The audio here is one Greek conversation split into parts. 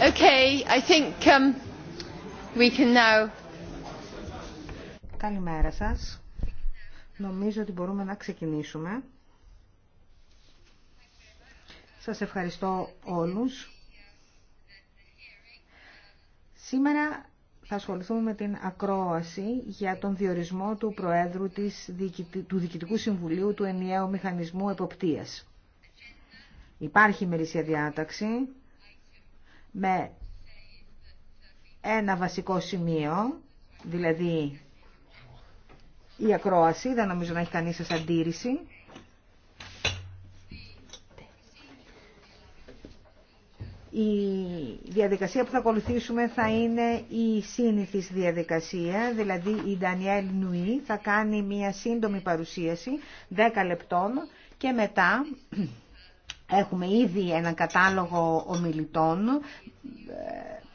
Okay, I think um, we can now. Καλημέρα σας. Νομίζω ότι μπορούμε να ξεκινήσουμε. Σας ευχαριστώ όλους. Σήμερα θα ασχοληθούμε με την ακρόαση για τον διορισμό του Προέδρου της, του Διοικητικού Συμβουλίου του Ενιαίου Μηχανισμού Εποπτείας. Υπάρχει μερίσια διάταξη με ένα βασικό σημείο, δηλαδή η ακρόαση, δεν νομίζω να έχει κανείς σας αντίρρηση. η διαδικασία που θα ακολουθήσουμε θα είναι η σύνηθις διαδικασία, δηλαδή η Ντανιέλ Νουή θα κάνει μία σύντομη παρουσίαση 10 λεπτών και μετά έχουμε ήδη έναν κατάλογο ομιλητών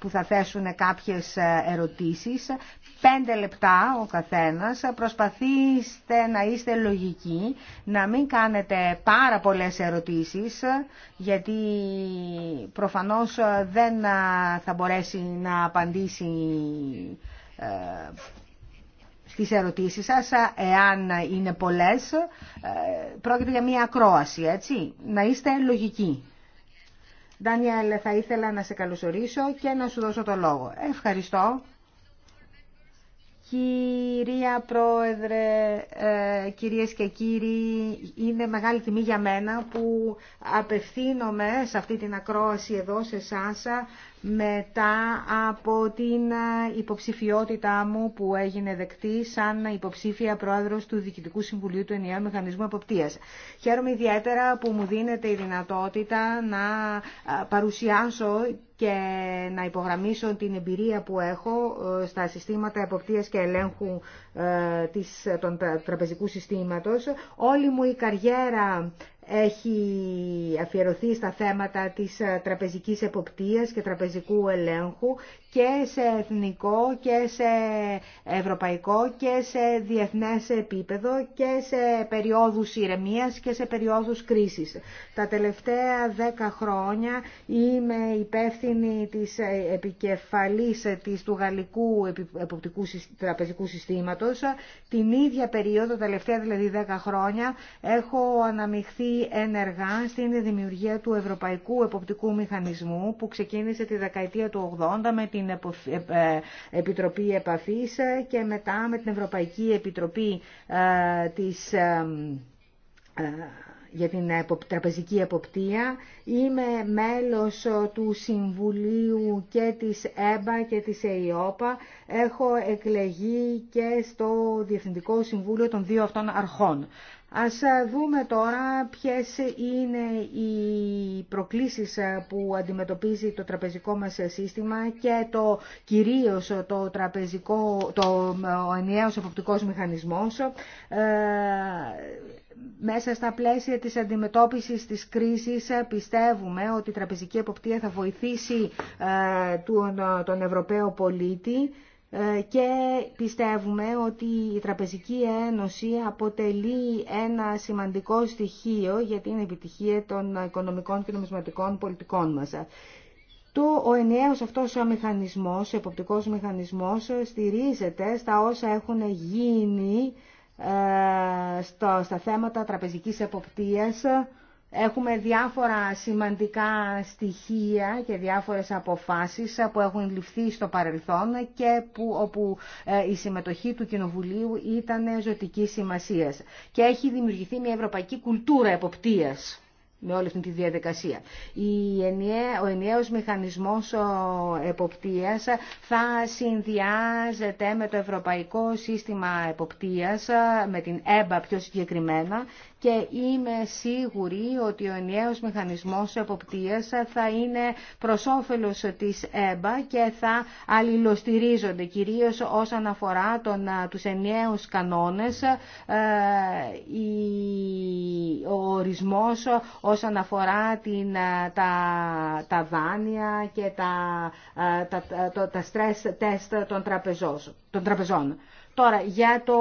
που θα θέσουν κάποιες ε, ερωτήσεις. Πέντε λεπτά ο καθένας. Προσπαθήστε να είστε λογικοί, να μην κάνετε πάρα πολλές ερωτήσεις, γιατί προφανώς ε, δεν ε, θα μπορέσει να απαντήσει στις ερωτήσεις σας, εάν είναι πολλές, πρόκειται για μια ακρόαση, έτσι, να είστε λογικοί. Ντανιέλ, θα ήθελα να σε καλωσορίσω και να σου δώσω το λόγο. Ευχαριστώ. Κυρία Πρόεδρε, ε, κυρίες και κύριοι, είναι μεγάλη τιμή για μένα που απευθύνομαι σε αυτή την ακρόαση εδώ σε εσά μετά από την ε, υποψηφιότητά μου που έγινε δεκτή σαν υποψήφια πρόεδρος του Διοικητικού Συμβουλίου του Ενιαίου Μηχανισμού Εποπτείας. Χαίρομαι ιδιαίτερα που μου δίνεται η δυνατότητα να ε, παρουσιάσω και να υπογραμμίσω την εμπειρία που έχω ε, στα συστήματα εποπτείας και ελέγχου των τραπεζικού συστήματος. Όλη μου η καριέρα έχει αφιερωθεί στα θέματα της ε, τραπεζικής εποπτείας και τραπεζικού ελέγχου και σε εθνικό και σε ευρωπαϊκό και σε διεθνές επίπεδο και σε περιόδους ηρεμίας και σε περιόδους κρίσης. Τα τελευταία δέκα χρόνια είμαι υπεύθυνη της ε, επικεφαλής της του γαλλικού εποπτικού τραπεζικού συστήματος. Την ίδια περίοδο, τα τελευταία δηλαδή δέκα χρόνια, έχω αναμειχθεί ενεργά στην δημιουργία του Ευρωπαϊκού Εποπτικού Μηχανισμού που ξεκίνησε τη δεκαετία του 80 με την ε, ε, Επιτροπή Επαφής και μετά με την Ευρωπαϊκή Επιτροπή ε, της για την τραπεζική εποπτεία. Είμαι μέλος του Συμβουλίου και της ΕΜΠΑ και της ΕΙΟΠΑ. Έχω εκλεγεί και στο Διευθυντικό Συμβούλιο των δύο αυτών αρχών. Ας ε, δούμε τώρα ποιες είναι οι προκλήσεις ε, που αντιμετωπίζει το τραπεζικό μας ε, σύστημα και το κυρίως το τραπεζικό, το ενιαίος μηχανισμός μέσα στα πλαίσια της αντιμετώπισης της κρίσης πιστεύουμε ότι η τραπεζική εποπτεία θα βοηθήσει τον Ευρωπαίο πολίτη ε, και πιστεύουμε ότι η Τραπεζική Ένωση αποτελεί ένα σημαντικό στοιχείο για την επιτυχία των οικονομικών και νομισματικών πολιτικών μας. Το, ο ενιαίος αυτός ο μηχανισμός, ο εποπτικός μηχανισμός στηρίζεται στα όσα έχουν γίνει ε, στα θέματα τραπεζικής εποπτείας Έχουμε διάφορα σημαντικά στοιχεία και διάφορες αποφάσεις που έχουν ληφθεί στο παρελθόν και που, όπου ε, η συμμετοχή του Κοινοβουλίου ήταν ζωτική σημασίας. Και έχει δημιουργηθεί μια ευρωπαϊκή κουλτούρα εποπτείας με όλη αυτή τη διαδικασία. ο ενιαίος μηχανισμός εποπτείας θα συνδυάζεται με το Ευρωπαϊκό Σύστημα Εποπτείας, με την ΕΜΠΑ πιο συγκεκριμένα και είμαι σίγουρη ότι ο ενιαίος μηχανισμός εποπτείας θα είναι προς όφελος της ΕΜΠΑ και θα αλληλοστηρίζονται κυρίως όσον αφορά τον, τους ενιαίους κανόνες ε, ο ορισμός όσον αφορά την, τα, τα δάνεια και τα, τα, τα, τα stress test των, τραπεζών. Τώρα, για το,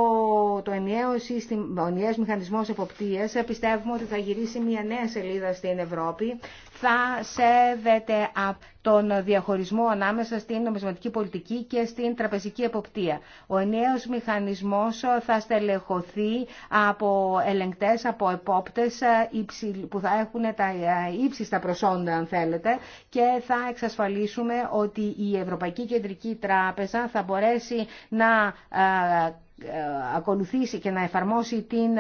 το ενιαίο σύστημα, ο μηχανισμός εποπτείας, πιστεύουμε ότι θα γυρίσει μια νέα σελίδα στην Ευρώπη, θα σέβεται τον διαχωρισμό ανάμεσα στην νομισματική πολιτική και στην τραπεζική εποπτεία. Ο ενιαίος μηχανισμός θα στελεχωθεί από ελεγκτές, από επόπτες ε, που θα έχουν τα ε, ύψιστα προσόντα αν θέλετε και θα εξασφαλίσουμε ότι η Ευρωπαϊκή Κεντρική Τράπεζα θα μπορέσει να ε, ακολουθήσει και να εφαρμόσει την,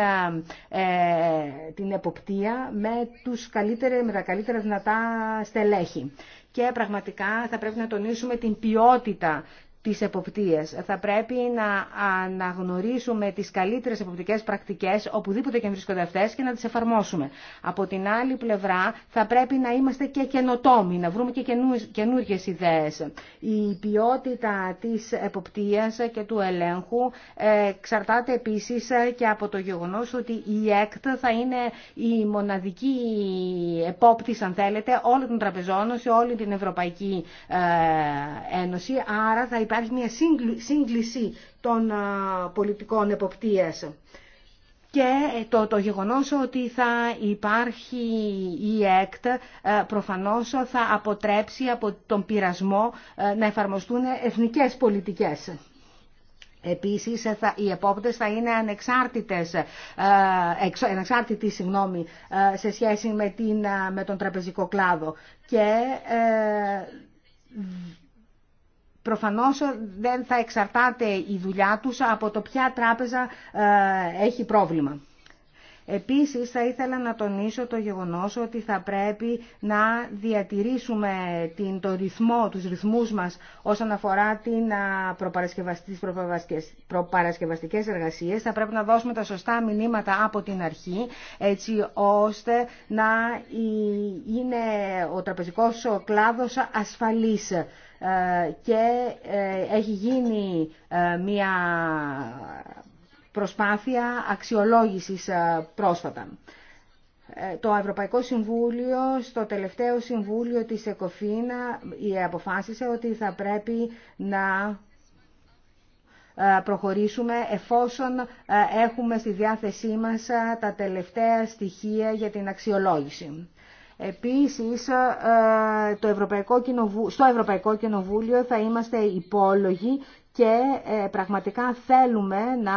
την εποπτεία με, τους καλύτερα, με τα καλύτερα δυνατά στελέχη και πραγματικά θα πρέπει να τονίσουμε την ποιότητα τις εποπτείες. Θα πρέπει να αναγνωρίσουμε τις καλύτερες εποπτικές πρακτικές οπουδήποτε και βρίσκονται αυτές και να τις εφαρμόσουμε. Από την άλλη πλευρά θα πρέπει να είμαστε και καινοτόμοι, να βρούμε και καινούριε ιδέες. Η ποιότητα της εποπτείας και του ελέγχου ε, εξαρτάται επίσης και από το γεγονός ότι η ΕΚΤ θα είναι η μοναδική επόπτης, αν θέλετε, όλων των τραπεζών σε όλη την Ευρωπαϊκή ε, Ένωση. Άρα θα υπάρχει μια σύγκληση των πολιτικών εποπτείας. Και ε, το, το γεγονός ότι θα υπάρχει η ΕΚΤ ε, προφανώς θα αποτρέψει από τον πειρασμό ε, να εφαρμοστούν εθνικές πολιτικές. Επίσης, θα, οι επόπτες θα είναι ανεξάρτητες, σε σχέση με, την, τον τραπεζικό κλάδο. Και Προφανώς δεν θα εξαρτάται η δουλειά τους από το ποια τράπεζα ε, έχει πρόβλημα. Επίσης θα ήθελα να τονίσω το γεγονός ότι θα πρέπει να διατηρήσουμε την, το ρυθμό, τους ρυθμούς μας όσον αφορά την προπαρασκευαστικές, τις προπαρασκευαστικές εργασίες. Θα πρέπει να δώσουμε τα σωστά μηνύματα από την αρχή έτσι ώστε να είναι ο τραπεζικός κλάδος ασφαλής και ε, έχει γίνει ε, μια προσπάθεια αξιολόγησης ε, πρόσφατα. Το Ευρωπαϊκό Συμβούλιο, στο τελευταίο Συμβούλιο της ΕΚΟΦΗΝΑ, αποφάσισε ότι θα πρέπει να προχωρήσουμε εφόσον έχουμε στη διάθεσή μας τα τελευταία στοιχεία για την αξιολόγηση. Επίσης, ε, το Ευρωπαϊκό στο Ευρωπαϊκό Κοινοβούλιο θα είμαστε υπόλογοι και ε, πραγματικά θέλουμε να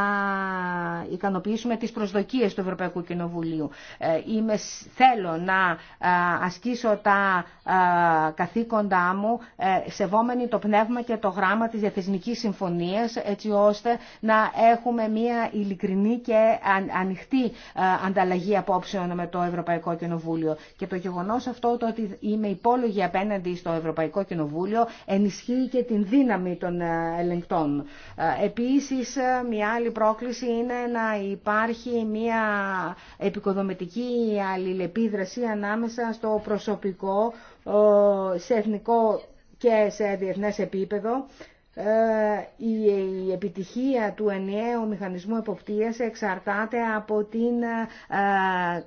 ικανοποιήσουμε τις προσδοκίες του Ευρωπαϊκού Κοινοβουλίου. Ε, είμαι, θέλω να ε, ασκήσω τα καθήκοντά μου σεβόμενοι το πνεύμα και το γράμμα της Διαθεσμικής Συμφωνίας έτσι ώστε να έχουμε μια ειλικρινή και ανοιχτή ανταλλαγή απόψεων με το Ευρωπαϊκό Κοινοβούλιο. Και το γεγονός αυτό το ότι είμαι υπόλογη απέναντι στο Ευρωπαϊκό Κοινοβούλιο ενισχύει και την δύναμη των ελεγκτών Επίση, ε, Επίσης, ε, μια άλλη πρόκληση είναι να υπάρχει μια επικοδομητική αλληλεπίδραση ανάμεσα στο προσωπικό, ε, σε εθνικό και σε διεθνές επίπεδο ε, η επιτυχία του ενιαίου μηχανισμού εποπτείας εξαρτάται από την ε,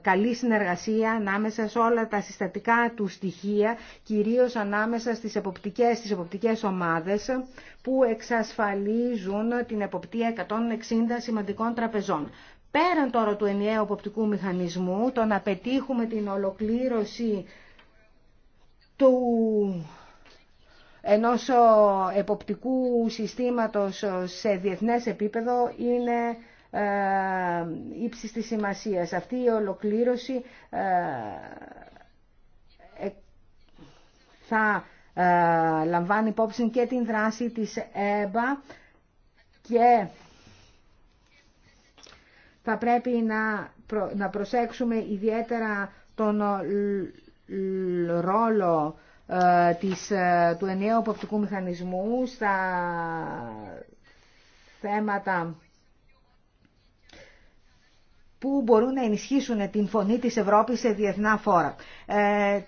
καλή συνεργασία ανάμεσα σε όλα τα συστατικά του στοιχεία, κυρίως ανάμεσα στις εποπτικές, στις εποπτικές ομάδες που εξασφαλίζουν την εποπτεία 160 σημαντικών τραπεζών. Πέραν τώρα του ενιαίου εποπτικού μηχανισμού, το να πετύχουμε την ολοκλήρωση του ενός εποπτικού συστήματος σε διεθνές επίπεδο είναι ε, ύψης της σημασίας. Αυτή η ολοκλήρωση ε, ε, θα λαμβάνει υπόψη και την δράση της ΕΜΠΑ και θα πρέπει να, να προσέξουμε ιδιαίτερα τον ρόλο ε, της, ε, του ενιαίου αποπτικού μηχανισμού στα θέματα που μπορούν να ενισχύσουν την φωνή της Ευρώπης σε διεθνά φόρα. Ε,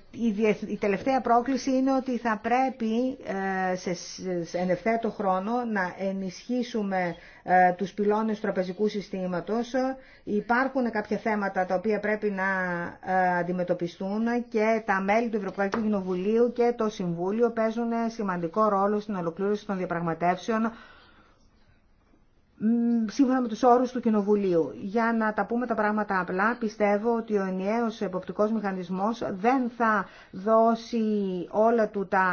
η, τελευταία πρόκληση είναι ότι θα πρέπει ε, σε, σε χρόνο να ενισχύσουμε ε, τους πυλώνες τραπεζικού συστήματος. Υπάρχουν κάποια θέματα τα οποία πρέπει να αντιμετωπιστούν και τα μέλη του Ευρωπαϊκού Κοινοβουλίου και το Συμβούλιο παίζουν σημαντικό ρόλο στην ολοκλήρωση των διαπραγματεύσεων σύμφωνα με τους όρους του Κοινοβουλίου. Για να τα πούμε τα πράγματα απλά, πιστεύω ότι ο ενιαίος εποπτικός μηχανισμός δεν θα δώσει όλα του τα...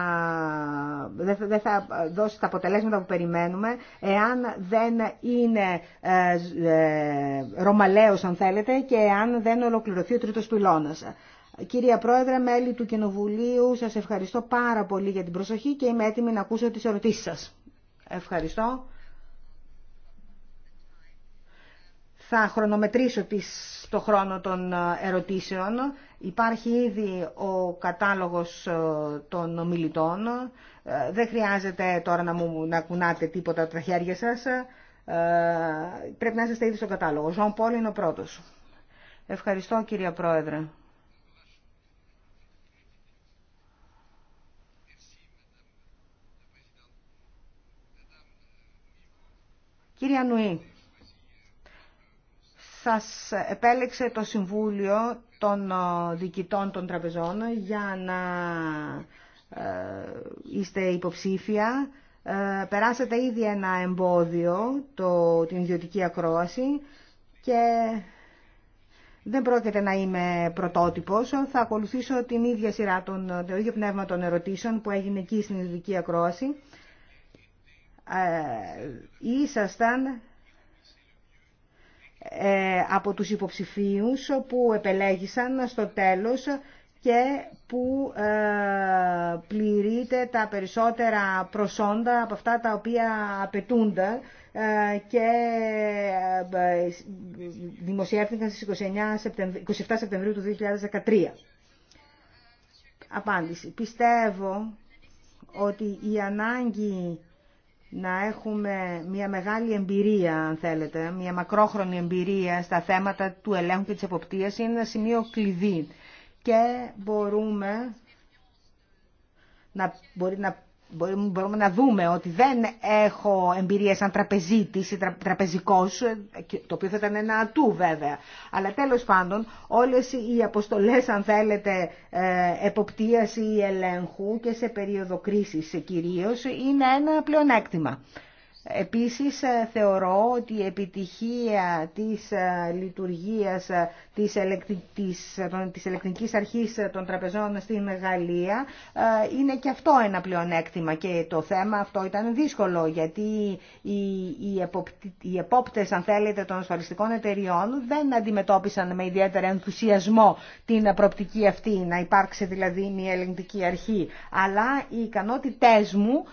δεν θα δώσει τα αποτελέσματα που περιμένουμε, εάν δεν είναι ε, ε, ρωμαλαίος αν θέλετε και εάν δεν ολοκληρωθεί ο τρίτος πυλώνας. Κυρία Πρόεδρε, μέλη του Κοινοβουλίου, σας ευχαριστώ πάρα πολύ για την προσοχή και είμαι έτοιμη να ακούσω τις ερωτήσεις σας. Ευχαριστώ. θα χρονομετρήσω τις, το χρόνο των ε, ερωτήσεων. Υπάρχει ήδη ο κατάλογος ε, των ομιλητών. Ε, δεν χρειάζεται τώρα να, μου, να κουνάτε τίποτα από τα χέρια σας. Πρέπει να είστε ήδη στο κατάλογο. Ζων Πόλ είναι ο πρώτος. Ευχαριστώ κυρία Πρόεδρε. Κύριε Νουή, σας επέλεξε το Συμβούλιο των ε, Διοικητών των Τραπεζών για να ε, είστε υποψήφια. Ε, περάσατε ήδη ένα εμπόδιο, το, την ιδιωτική ακρόαση και δεν πρόκειται να είμαι πρωτότυπος. Θα ακολουθήσω την ίδια σειρά, των, το ίδιο πνεύμα των ερωτήσεων που έγινε εκεί στην ιδιωτική ακρόαση. Ε, ήσασταν ε, από τους υποψηφίους που επελέγησαν στο τέλος και που ε, πληρείται τα περισσότερα προσόντα από αυτά τα οποία απαιτούνται ε, και δημοσιεύθηκαν στις 29 27 Σεπτεμβρίου του 2013. Απάντηση. Πιστεύω ότι η ανάγκη να έχουμε μια μεγάλη εμπειρία, αν θέλετε, μια μακρόχρονη εμπειρία στα θέματα του ελέγχου και της εποπτείας είναι ένα σημείο κλειδί και μπορούμε να, μπορεί να μπορούμε να δούμε ότι δεν έχω εμπειρία σαν τραπεζίτης ή τραπεζικός, το οποίο θα ήταν ένα ατού βέβαια. Αλλά τέλος πάντων όλες οι αποστολές αν θέλετε ε, εποπτείας ή ελέγχου και σε περίοδο κρίσης κυρίως είναι ένα πλεονέκτημα. Επίσης ε, θεωρώ ότι η επιτυχία της ε, λειτουργίας ε, της, ελεκτρικής αρχής των τραπεζών στην Γαλλία είναι και αυτό ένα πλεονέκτημα και το θέμα αυτό ήταν δύσκολο γιατί οι, επόπτες αν θέλετε των ασφαλιστικών εταιριών δεν αντιμετώπισαν με ιδιαίτερο ενθουσιασμό την προπτική αυτή να υπάρξει δηλαδή μια ελεκτρική αρχή αλλά οι ικανότητές μου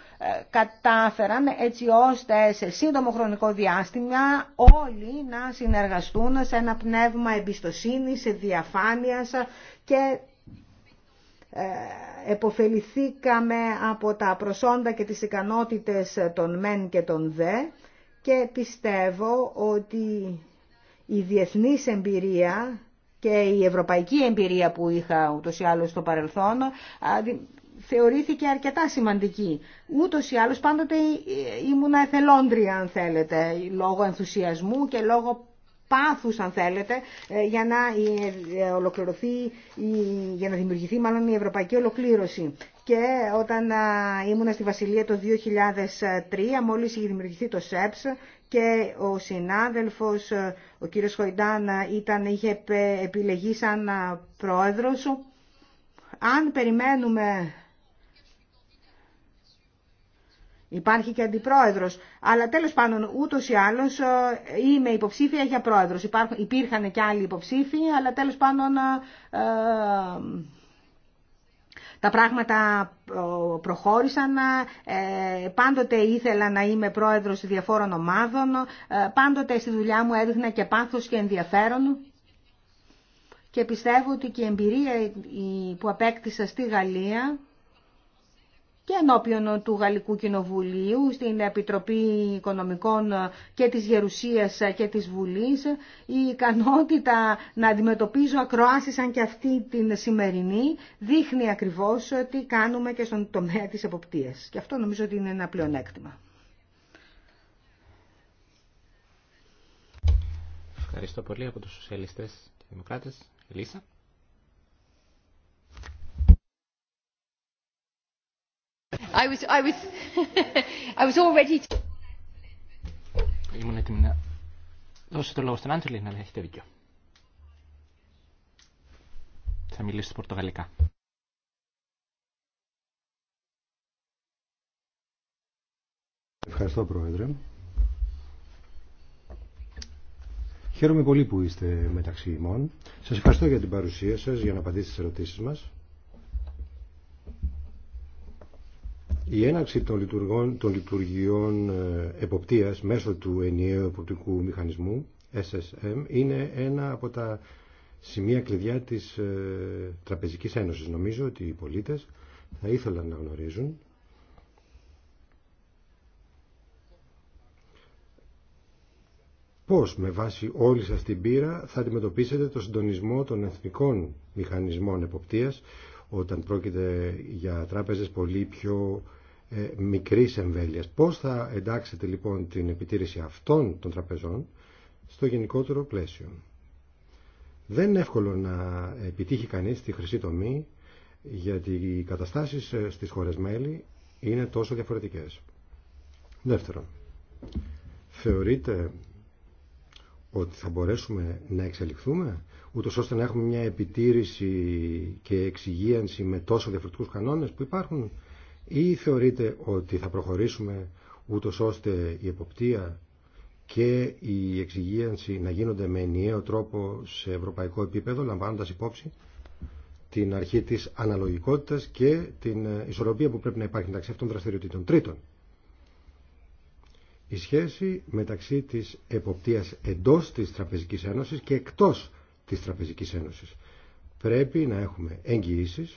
κατάφεραν έτσι ώστε σε σύντομο χρονικό διάστημα όλοι να συνεργαστούν σε ένα πνεύμα εμπιστοσύνης, διαφάνειας και ε, εποφεληθήκαμε από τα προσόντα και τις ικανότητες των μεν και των δε και πιστεύω ότι η διεθνής εμπειρία και η ευρωπαϊκή εμπειρία που είχα ούτως ή άλλως στο παρελθόν θεωρήθηκε αρκετά σημαντική. Ούτως ή άλλως πάντοτε ε, ήμουνα εθελόντρια αν θέλετε, λόγω ενθουσιασμού και λόγω πάθους αν θέλετε, ε, για να ε, ολοκληρωθεί, για να δημιουργηθεί μάλλον η ευρωπαϊκή ολοκλήρωση. Και όταν ήμουνα στη Βασιλεία το 2003, μόλις είχε δημιουργηθεί το ΣΕΠΣ, και ο συνάδελφος, ο κύριος Χοϊντάν, ήταν, είχε επιλεγεί σαν πρόεδρος. Αν περιμένουμε Υπάρχει και αντιπρόεδρος, αλλά τέλος πάντων ούτω ή άλλω ε, είμαι υποψήφια για πρόεδρος. υπήρχαν και άλλοι υποψήφοι, αλλά τέλος πάντων ε, ε, τα πράγματα προχώρησαν. πάντοτε ήθελα να είμαι πρόεδρος διαφόρων ομάδων, πάντοτε στη δουλειά μου έδειχνα και πάθος και ενδιαφέρον. Και πιστεύω ότι και η εμπειρία που απέκτησα στη Γαλλία και ενώπιον του Γαλλικού Κοινοβουλίου, στην Επιτροπή Οικονομικών και της Γερουσίας και της Βουλής, η ικανότητα να αντιμετωπίζω ακροάσεις σαν και αυτή την σημερινή, δείχνει ακριβώς ότι κάνουμε και στον τομέα της εποπτείας. Και αυτό νομίζω ότι είναι ένα πλεονέκτημα. Ευχαριστώ πολύ από τους σοσιαλιστές και δημοκράτες. Ελίσσα. I was, already... Ήμουν έτοιμη να δώσω το λόγο στον Άντζελη, αλλά έχετε δίκιο. Θα μιλήσω πορτογαλικά. Ευχαριστώ, Πρόεδρε. Χαίρομαι πολύ που είστε μεταξύ ημών. Σας ευχαριστώ για την παρουσία σας, για να απαντήσετε στις ερωτήσεις μας. Η έναρξη των, λειτουργών, των λειτουργιών ε, εποπτείας μέσω του ενιαίου εποπτικού μηχανισμού SSM είναι ένα από τα σημεία κλειδιά της ε, Τραπεζικής Ένωσης. Νομίζω ότι οι πολίτες θα ήθελαν να γνωρίζουν πώς με βάση όλη σας την πείρα θα αντιμετωπίσετε το συντονισμό των εθνικών μηχανισμών εποπτείας όταν πρόκειται για τράπεζες πολύ πιο ε, μικρής εμβέλειας. Πώς θα εντάξετε λοιπόν την επιτήρηση αυτών των τραπεζών στο γενικότερο πλαίσιο. Δεν είναι εύκολο να επιτύχει κανείς τη χρυσή τομή γιατί οι καταστάσεις ε, στις χώρες μέλη είναι τόσο διαφορετικές. Δεύτερον, θεωρείτε ότι θα μπορέσουμε να εξελιχθούμε ούτω ώστε να έχουμε μια επιτήρηση και εξυγίανση με τόσο διαφορετικούς κανόνες που υπάρχουν ή θεωρείτε ότι θα προχωρήσουμε ούτω ώστε η εποπτεία και η εξυγίανση να γίνονται με ενιαίο τρόπο σε ευρωπαϊκό επίπεδο λαμβάνοντας υπόψη την αρχή της αναλογικότητας και την ε, ισορροπία που πρέπει να υπάρχει μεταξύ αυτών των δραστηριοτήτων. Τρίτον, η σχέση μεταξύ της εποπτείας εντός της Τραπεζικής Ένωσης και εκτός της Τραπεζικής Ένωσης. Πρέπει να έχουμε εγγυήσεις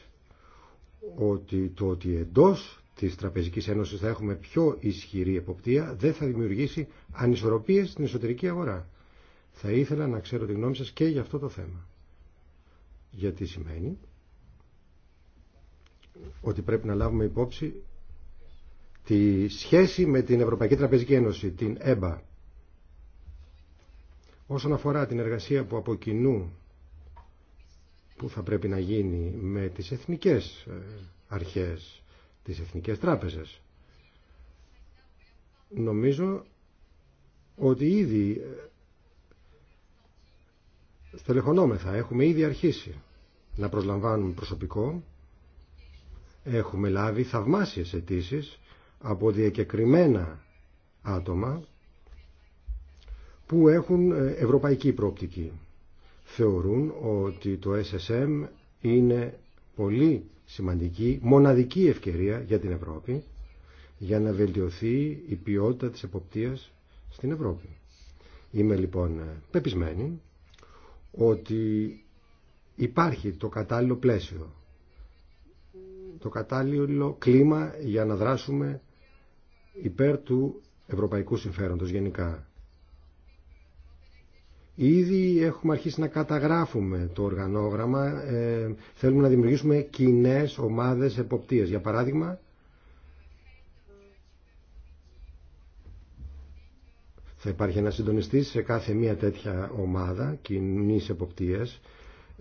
ότι το ότι εντός της Τραπεζικής Ένωσης θα έχουμε πιο ισχυρή εποπτεία δεν θα δημιουργήσει ανισορροπίες στην εσωτερική αγορά. Θα ήθελα να ξέρω τη γνώμη σας και για αυτό το θέμα. Γιατί σημαίνει ότι πρέπει να λάβουμε υπόψη τη σχέση με την Ευρωπαϊκή Τραπεζική Ένωση, την ΕΜΠΑ. Όσον αφορά την εργασία που από κοινού που θα πρέπει να γίνει με τις εθνικές ε, αρχές, τις εθνικές τράπεζες. Νομίζω ότι ήδη ε, στελεχωνόμεθα, έχουμε ήδη αρχίσει να προσλαμβάνουμε προσωπικό, έχουμε λάβει θαυμάσιες αιτήσει από διακεκριμένα άτομα που έχουν ε, ευρωπαϊκή προοπτική θεωρούν ότι το SSM είναι πολύ σημαντική, μοναδική ευκαιρία για την Ευρώπη για να βελτιωθεί η ποιότητα της εποπτείας στην Ευρώπη. Είμαι λοιπόν πεπισμένη ότι υπάρχει το κατάλληλο πλαίσιο, το κατάλληλο κλίμα για να δράσουμε υπέρ του ευρωπαϊκού συμφέροντος γενικά. Ήδη έχουμε αρχίσει να καταγράφουμε το οργανόγραμμα. Ε, θέλουμε να δημιουργήσουμε κοινέ ομάδες εποπτείας. Για παράδειγμα, θα υπάρχει ένα συντονιστή σε κάθε μία τέτοια ομάδα κοινή εποπτείας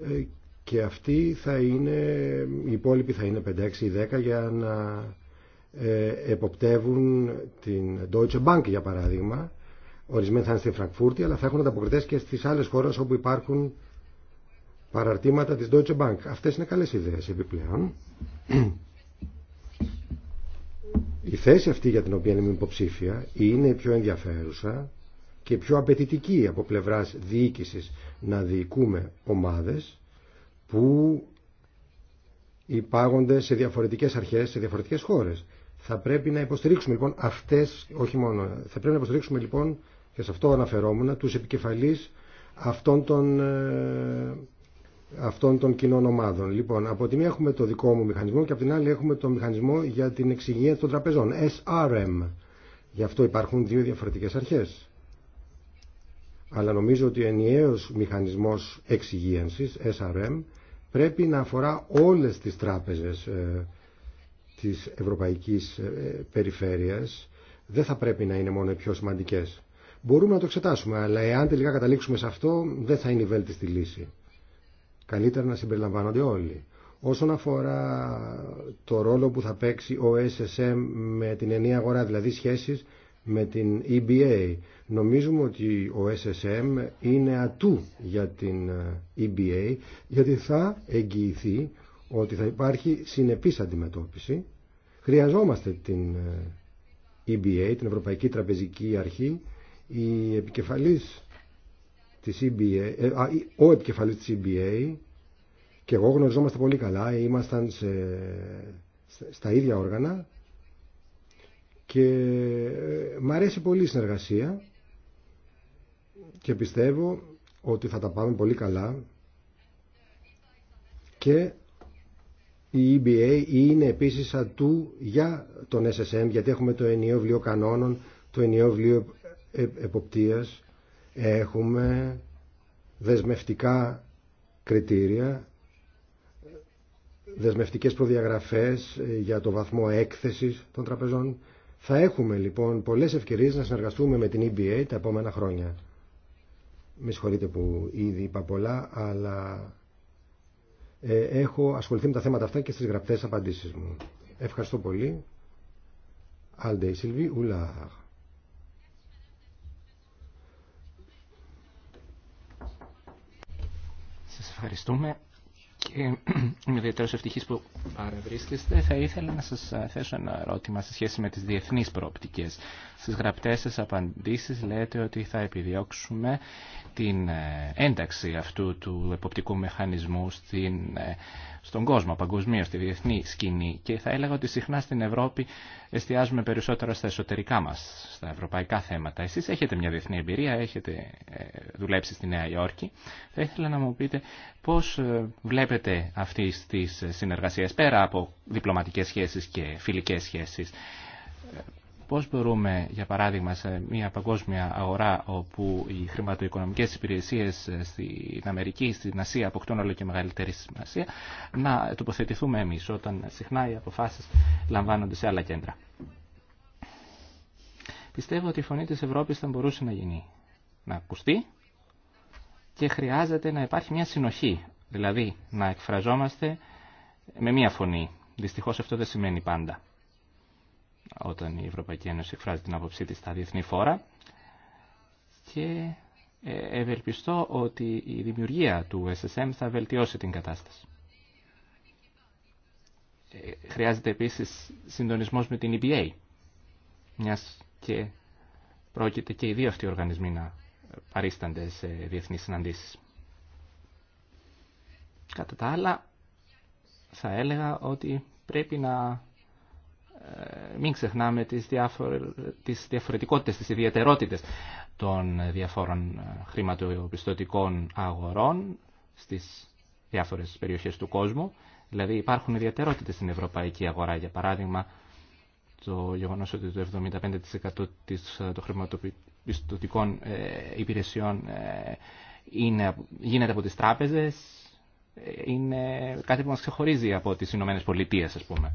ε, και αυτοί θα είναι, οι υπόλοιποι θα είναι 5, 6 ή 10 για να ε, εποπτεύουν την Deutsche Bank για παράδειγμα Ορισμένοι θα είναι στη Φραγκφούρτη, αλλά θα έχουν ανταποκριτέ και στι άλλε χώρε όπου υπάρχουν παραρτήματα τη Deutsche Bank. Αυτέ είναι καλέ ιδέε επιπλέον. Η θέση αυτή για την οποία είμαι υποψήφια είναι η πιο ενδιαφέρουσα και πιο απαιτητική από πλευρά διοίκηση να διοικούμε ομάδες που υπάγονται σε διαφορετικές αρχές, σε διαφορετικές χώρες. Θα πρέπει να υποστηρίξουμε λοιπόν αυτές, όχι μόνο, θα πρέπει να υποστηρίξουμε λοιπόν και σε αυτό αναφερόμουν, τους επικεφαλείς αυτών των, ε, αυτών των κοινών ομάδων. Λοιπόν, από τη μία έχουμε το δικό μου μηχανισμό και από την άλλη έχουμε το μηχανισμό για την εξυγεία των τραπεζών, SRM. Γι' αυτό υπάρχουν δύο διαφορετικές αρχές. Αλλά νομίζω ότι ο ενιαίος μηχανισμός εξυγίανσης, SRM, πρέπει να αφορά όλες τις τράπεζες ε, της Ευρωπαϊκής ε, Περιφέρειας. Δεν θα πρέπει να είναι μόνο οι πιο σημαντικές μπορούμε να το εξετάσουμε, αλλά εάν τελικά καταλήξουμε σε αυτό, δεν θα είναι η βέλτιστη λύση. Καλύτερα να συμπεριλαμβάνονται όλοι. Όσον αφορά το ρόλο που θα παίξει ο SSM με την ενία αγορά, δηλαδή σχέσεις με την EBA, νομίζουμε ότι ο SSM είναι ατού για την ε, EBA, γιατί θα εγγυηθεί ότι θα υπάρχει συνεπής αντιμετώπιση. Χρειαζόμαστε την ε, EBA, την Ευρωπαϊκή Τραπεζική Αρχή, η επικεφαλής της EBA, ε, ο επικεφαλής της EBA και εγώ γνωριζόμαστε πολύ καλά, ήμασταν στα ίδια όργανα και ε, μ' αρέσει πολύ η συνεργασία και πιστεύω ότι θα τα πάμε πολύ καλά και η EBA είναι επίσης ατού για τον SSM γιατί έχουμε το ενιαίο βιβλίο κανόνων, το ενιαίο βιβλίο ε, εποπτείας έχουμε δεσμευτικά κριτήρια, δεσμευτικές προδιαγραφές ε, για το βαθμό έκθεσης των τραπεζών. Θα έχουμε λοιπόν πολλές ευκαιρίες να συνεργαστούμε με την EBA τα επόμενα χρόνια. Με συγχωρείτε που ήδη είπα πολλά, αλλά ε, έχω ασχοληθεί με τα θέματα αυτά και στις γραπτές απαντήσεις μου. Ευχαριστώ πολύ. Αλντέι Σιλβί ευχαριστούμε και είμαι ιδιαίτερος ευτυχή που παρευρίσκεστε. Θα ήθελα να σας ε, θέσω ένα ερώτημα σε σχέση με τις διεθνείς προοπτικές. Στις γραπτές σας απαντήσεις λέτε ότι θα επιδιώξουμε την ε, ένταξη αυτού του εποπτικού μηχανισμού στην ε, στον κόσμο παγκοσμίω, στη διεθνή σκηνή και θα έλεγα ότι συχνά στην Ευρώπη εστιάζουμε περισσότερο στα εσωτερικά μας, στα ευρωπαϊκά θέματα. Εσείς έχετε μια διεθνή εμπειρία, έχετε ε, δουλέψει στη Νέα Υόρκη. Θα ήθελα να μου πείτε πώς ε, βλέπετε αυτή τις συνεργασίες πέρα από διπλωματικές σχέσεις και φιλικές σχέσεις ε, Πώς μπορούμε, για παράδειγμα, σε μια παγκόσμια αγορά όπου οι χρηματοοικονομικές υπηρεσίες ε, στην Αμερική, στην Ασία αποκτούν όλο και μεγαλύτερη σημασία, να τοποθετηθούμε εμείς όταν συχνά οι αποφάσεις λαμβάνονται σε άλλα κέντρα. Πιστεύω ότι η φωνή της Ευρώπης θα μπορούσε να γίνει, να ακουστεί και χρειάζεται να υπάρχει μια συνοχή, δηλαδή να εκφραζόμαστε με μια φωνή. Δυστυχώς αυτό δεν σημαίνει πάντα όταν η Ευρωπαϊκή Ένωση εκφράζει την άποψή της στα διεθνή φόρα και ε, ευελπιστώ ότι η δημιουργία του SSM θα βελτιώσει την κατάσταση. Ε, χρειάζεται επίσης συντονισμός με την EBA, μιας και πρόκειται και οι δύο αυτοί οργανισμοί να παρίστανται σε διεθνείς συναντήσεις. Κατά τα άλλα, θα έλεγα ότι πρέπει να μην ξεχνάμε τις, διάφορε, τις διαφορετικότητες, τις ιδιαιτερότητες των διαφόρων ε, χρηματοπιστωτικών αγορών στις διάφορες περιοχές του κόσμου. Δηλαδή υπάρχουν ιδιαιτερότητες στην ευρωπαϊκή αγορά. Για παράδειγμα, το γεγονός ότι το 75% ε, των χρηματοπιστωτικών ε, υπηρεσιών είναι, γίνεται από τις τράπεζες είναι κάτι που μας ξεχωρίζει από τις Ηνωμένες Πολιτείες, ας πούμε.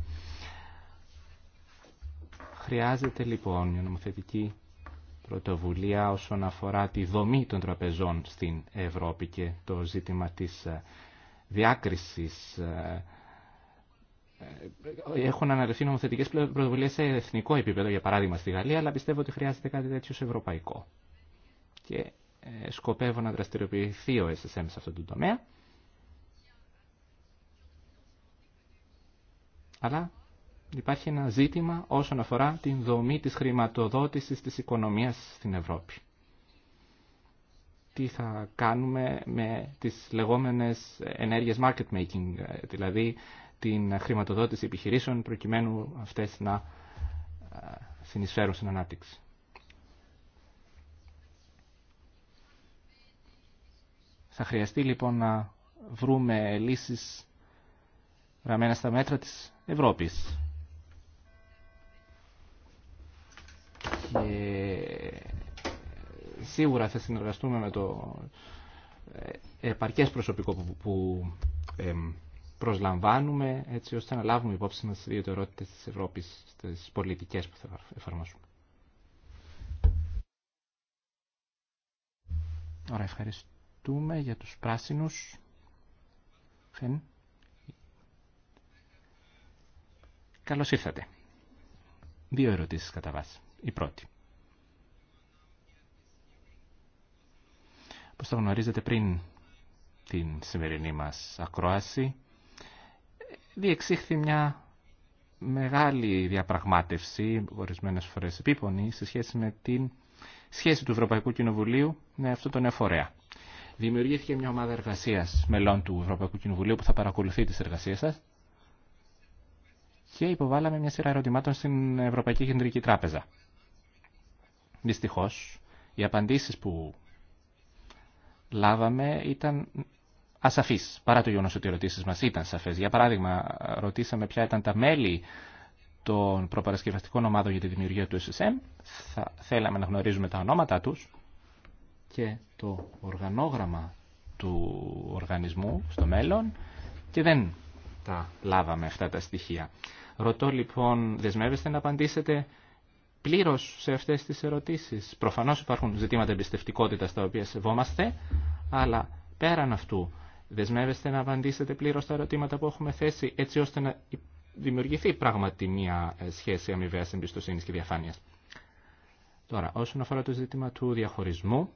Χρειάζεται λοιπόν μια νομοθετική πρωτοβουλία όσον αφορά τη δομή των τραπεζών στην Ευρώπη και το ζήτημα της ε, διάκρισης. Ε, ε, έχουν αναλυθεί νομοθετικές πρωτοβουλίες σε εθνικό επίπεδο, για παράδειγμα στη Γαλλία, αλλά πιστεύω ότι χρειάζεται κάτι τέτοιο σε ευρωπαϊκό. Και σκοπεύω να δραστηριοποιηθεί ο SSM σε αυτόν τον τομέα. Αλλά υπάρχει ένα ζήτημα όσον αφορά την δομή της χρηματοδότησης της οικονομίας στην Ευρώπη. Τι θα κάνουμε με τις λεγόμενες ενέργειες market making, δηλαδή την χρηματοδότηση επιχειρήσεων προκειμένου αυτές να συνεισφέρουν στην ανάπτυξη. Θα χρειαστεί λοιπόν να βρούμε λύσεις γραμμένα στα μέτρα της Ευρώπης. και σίγουρα θα συνεργαστούμε με το ε, επαρκές προσωπικό που προσλαμβάνουμε έτσι ώστε να λάβουμε υπόψη μας τις ιδιωτερότητες της Ευρώπης στις πολιτικές που θα εφαρμόσουμε. Ωραία, ευχαριστούμε για τους πράσινους. Φεν. Καλώς ήρθατε. Δύο ερωτήσεις κατά βάση η πρώτη. Όπως θα γνωρίζετε πριν την σημερινή μας ακρόαση, διεξήχθη μια μεγάλη διαπραγμάτευση, ορισμένες φορές επίπονη, σε σχέση με την σχέση του Ευρωπαϊκού Κοινοβουλίου με αυτόν τον εφορέα. Δημιουργήθηκε μια ομάδα εργασίας μελών του Ευρωπαϊκού Κοινοβουλίου που θα παρακολουθεί τις εργασίες σας και υποβάλαμε μια σειρά ερωτημάτων στην Ευρωπαϊκή Κεντρική Τράπεζα. Δυστυχώς, οι απαντήσεις που λάβαμε ήταν ασαφείς, παρά το γεγονός ότι οι ερωτήσεις μας ήταν σαφές. Για παράδειγμα, ρωτήσαμε ποια ήταν τα μέλη των προπαρασκευαστικών ομάδων για τη δημιουργία του SSM. Θα θέλαμε να γνωρίζουμε τα ονόματα τους και το οργανόγραμμα του οργανισμού στο μέλλον και δεν τα λάβαμε αυτά τα στοιχεία. Ρωτώ λοιπόν, δεσμεύεστε να απαντήσετε Πλήρω σε αυτές τις ερωτήσεις. Προφανώς υπάρχουν ζητήματα εμπιστευτικότητα τα οποία σεβόμαστε, αλλά πέραν αυτού δεσμεύεστε να απαντήσετε πλήρως τα ερωτήματα που έχουμε θέσει έτσι ώστε να δημιουργηθεί πράγματι μια ε, σχέση αμοιβαία εμπιστοσύνη και διαφάνεια. Τώρα, όσον αφορά το ζήτημα του διαχωρισμού,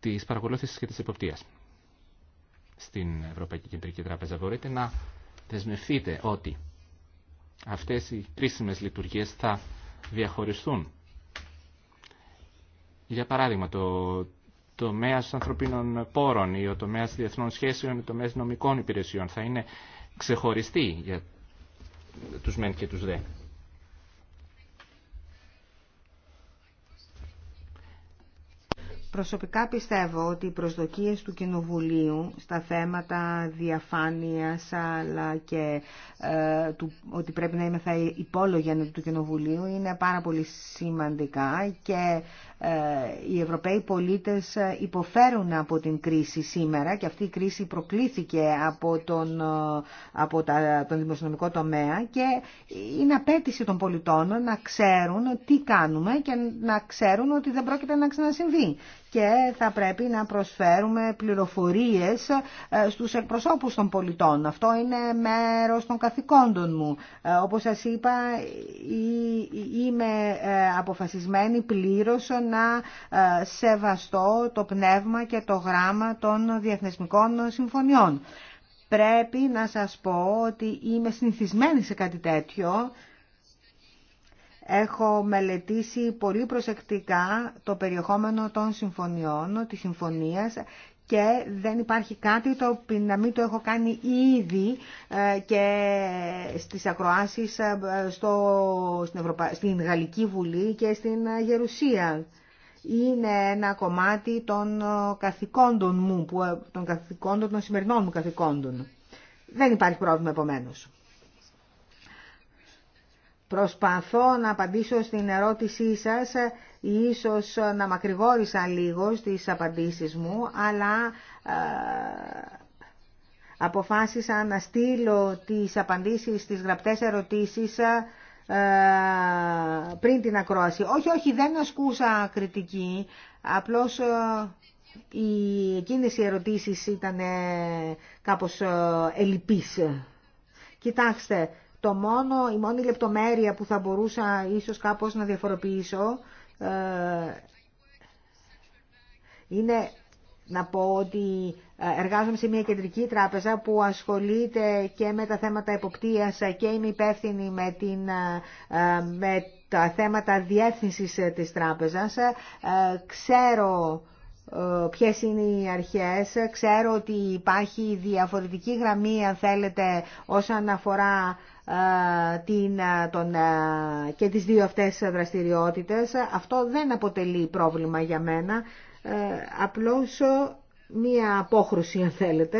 τη παρακολούθηση και τη υποπτία στην Ευρωπαϊκή Κεντρική Τράπεζα, μπορείτε να δεσμευτείτε ότι αυτές οι κρίσιμες λειτουργίες θα διαχωριστούν. Για παράδειγμα, το τομέα ανθρωπίνων πόρων ή ο τομέα διεθνών σχέσεων ή το τομέα νομικών υπηρεσιών θα είναι ξεχωριστή για τους μεν και τους δε. Προσωπικά πιστεύω ότι οι προσδοκίες του Κοινοβουλίου στα θέματα διαφάνειας αλλά και ε, του, ότι πρέπει να είμαι θα υπόλογια του Κοινοβουλίου είναι πάρα πολύ σημαντικά και ε, οι Ευρωπαίοι πολίτες υποφέρουν από την κρίση σήμερα και αυτή η κρίση προκλήθηκε από τον, ε, από τον δημοσιονομικό τομέα και είναι απέτηση των πολιτών να ξέρουν τι κάνουμε και να ξέρουν ότι δεν πρόκειται να ξανασυμβεί και θα πρέπει να προσφέρουμε πληροφορίες ε, στους εκπροσώπους των πολιτών. Αυτό είναι μέρος των καθηκόντων μου. Ε, όπως σας είπα, είμαι ε, αποφασισμένη πλήρως να σεβαστώ το πνεύμα και το γράμμα των διεθνισμικών συμφωνιών. Πρέπει να σας πω ότι είμαι συνηθισμένη σε κάτι τέτοιο Έχω μελετήσει πολύ προσεκτικά το περιεχόμενο των συμφωνιών, της συμφωνίας και δεν υπάρχει κάτι το οποίο να μην το έχω κάνει ήδη ε, και στις ακροάσεις ε, στο, στην, Γαλλική Βουλή και στην Γερουσία. Είναι ένα κομμάτι των ε, καθηκόντων μου, των, καθηκόντων, των σημερινών μου καθηκόντων. Δεν υπάρχει πρόβλημα επομένως. Προσπαθώ να απαντήσω στην ερώτησή σας, ίσως να μακρηγόρησα λίγο στις απαντήσεις μου, αλλά ε, αποφάσισα να στείλω τις απαντήσεις στις γραπτές ερωτήσεις ε, πριν την ακρόαση. Όχι, όχι, δεν ασκούσα κριτική, απλώς οι, ε, εκείνες οι ερωτήσεις ήταν κάπως ελλειπείς. Κοιτάξτε, το μόνο, η μόνη λεπτομέρεια που θα μπορούσα ίσως κάπως να διαφοροποιήσω ε, είναι να πω ότι ε, εργάζομαι σε μια κεντρική τράπεζα που ασχολείται και με τα θέματα εποπτείας και είμαι υπεύθυνη με, την, ε, με τα θέματα διεύθυνσης της τράπεζας. Ξέρω ποιες είναι οι αρχές. Ξέρω ότι υπάρχει διαφορετική γραμμή, αν θέλετε, όσον αφορά ε, την, ε, τον, ε, και τις δύο αυτές δραστηριότητες. Αυτό δεν αποτελεί πρόβλημα για μένα, απλώς μία απόχρωση αν θέλετε.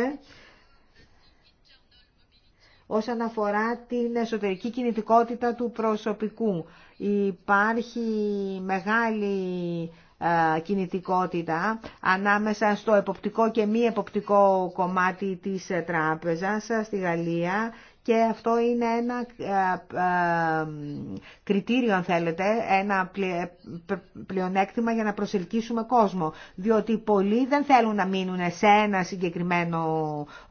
Όσον αφορά την εσωτερική κινητικότητα του προσωπικού, υπάρχει μεγάλη κινητικότητα ανάμεσα στο εποπτικό και μη εποπτικό κομμάτι της τράπεζας στη Γαλλία και αυτό είναι ένα ε, ε, κριτήριο, αν θέλετε, ένα πλεονέκτημα για να προσελκύσουμε κόσμο. Διότι πολλοί δεν θέλουν να μείνουν σε ένα συγκεκριμένο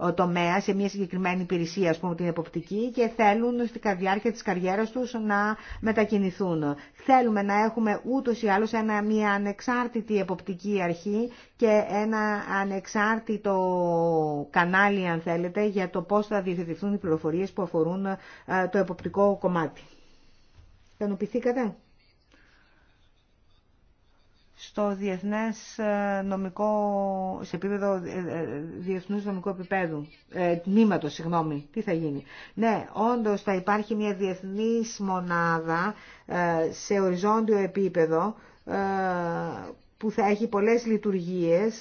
ε, τομέα, σε μια συγκεκριμένη υπηρεσία, α πούμε, την εποπτική και θέλουν στη διάρκεια της καριέρα του να μετακινηθούν. Θέλουμε να έχουμε ούτως ή άλλως ένα, μια ανεξάρτητη εποπτική αρχή και ένα ανεξάρτητο κανάλι, αν θέλετε, για το πώς θα διευθυνθούν οι πληροφορίες που αφορούν ε, το εποπτικό κομμάτι. Ικανοποιηθήκατε? στο διεθνές ε, νομικό, σε επίπεδο ε, ε, διεθνούς νομικού επίπεδου, ε, τμήματος, συγγνώμη, τι θα γίνει. Ναι, όντως θα υπάρχει μια διεθνής μονάδα σε οριζόντιο επίπεδο που θα έχει πολλές λειτουργίες,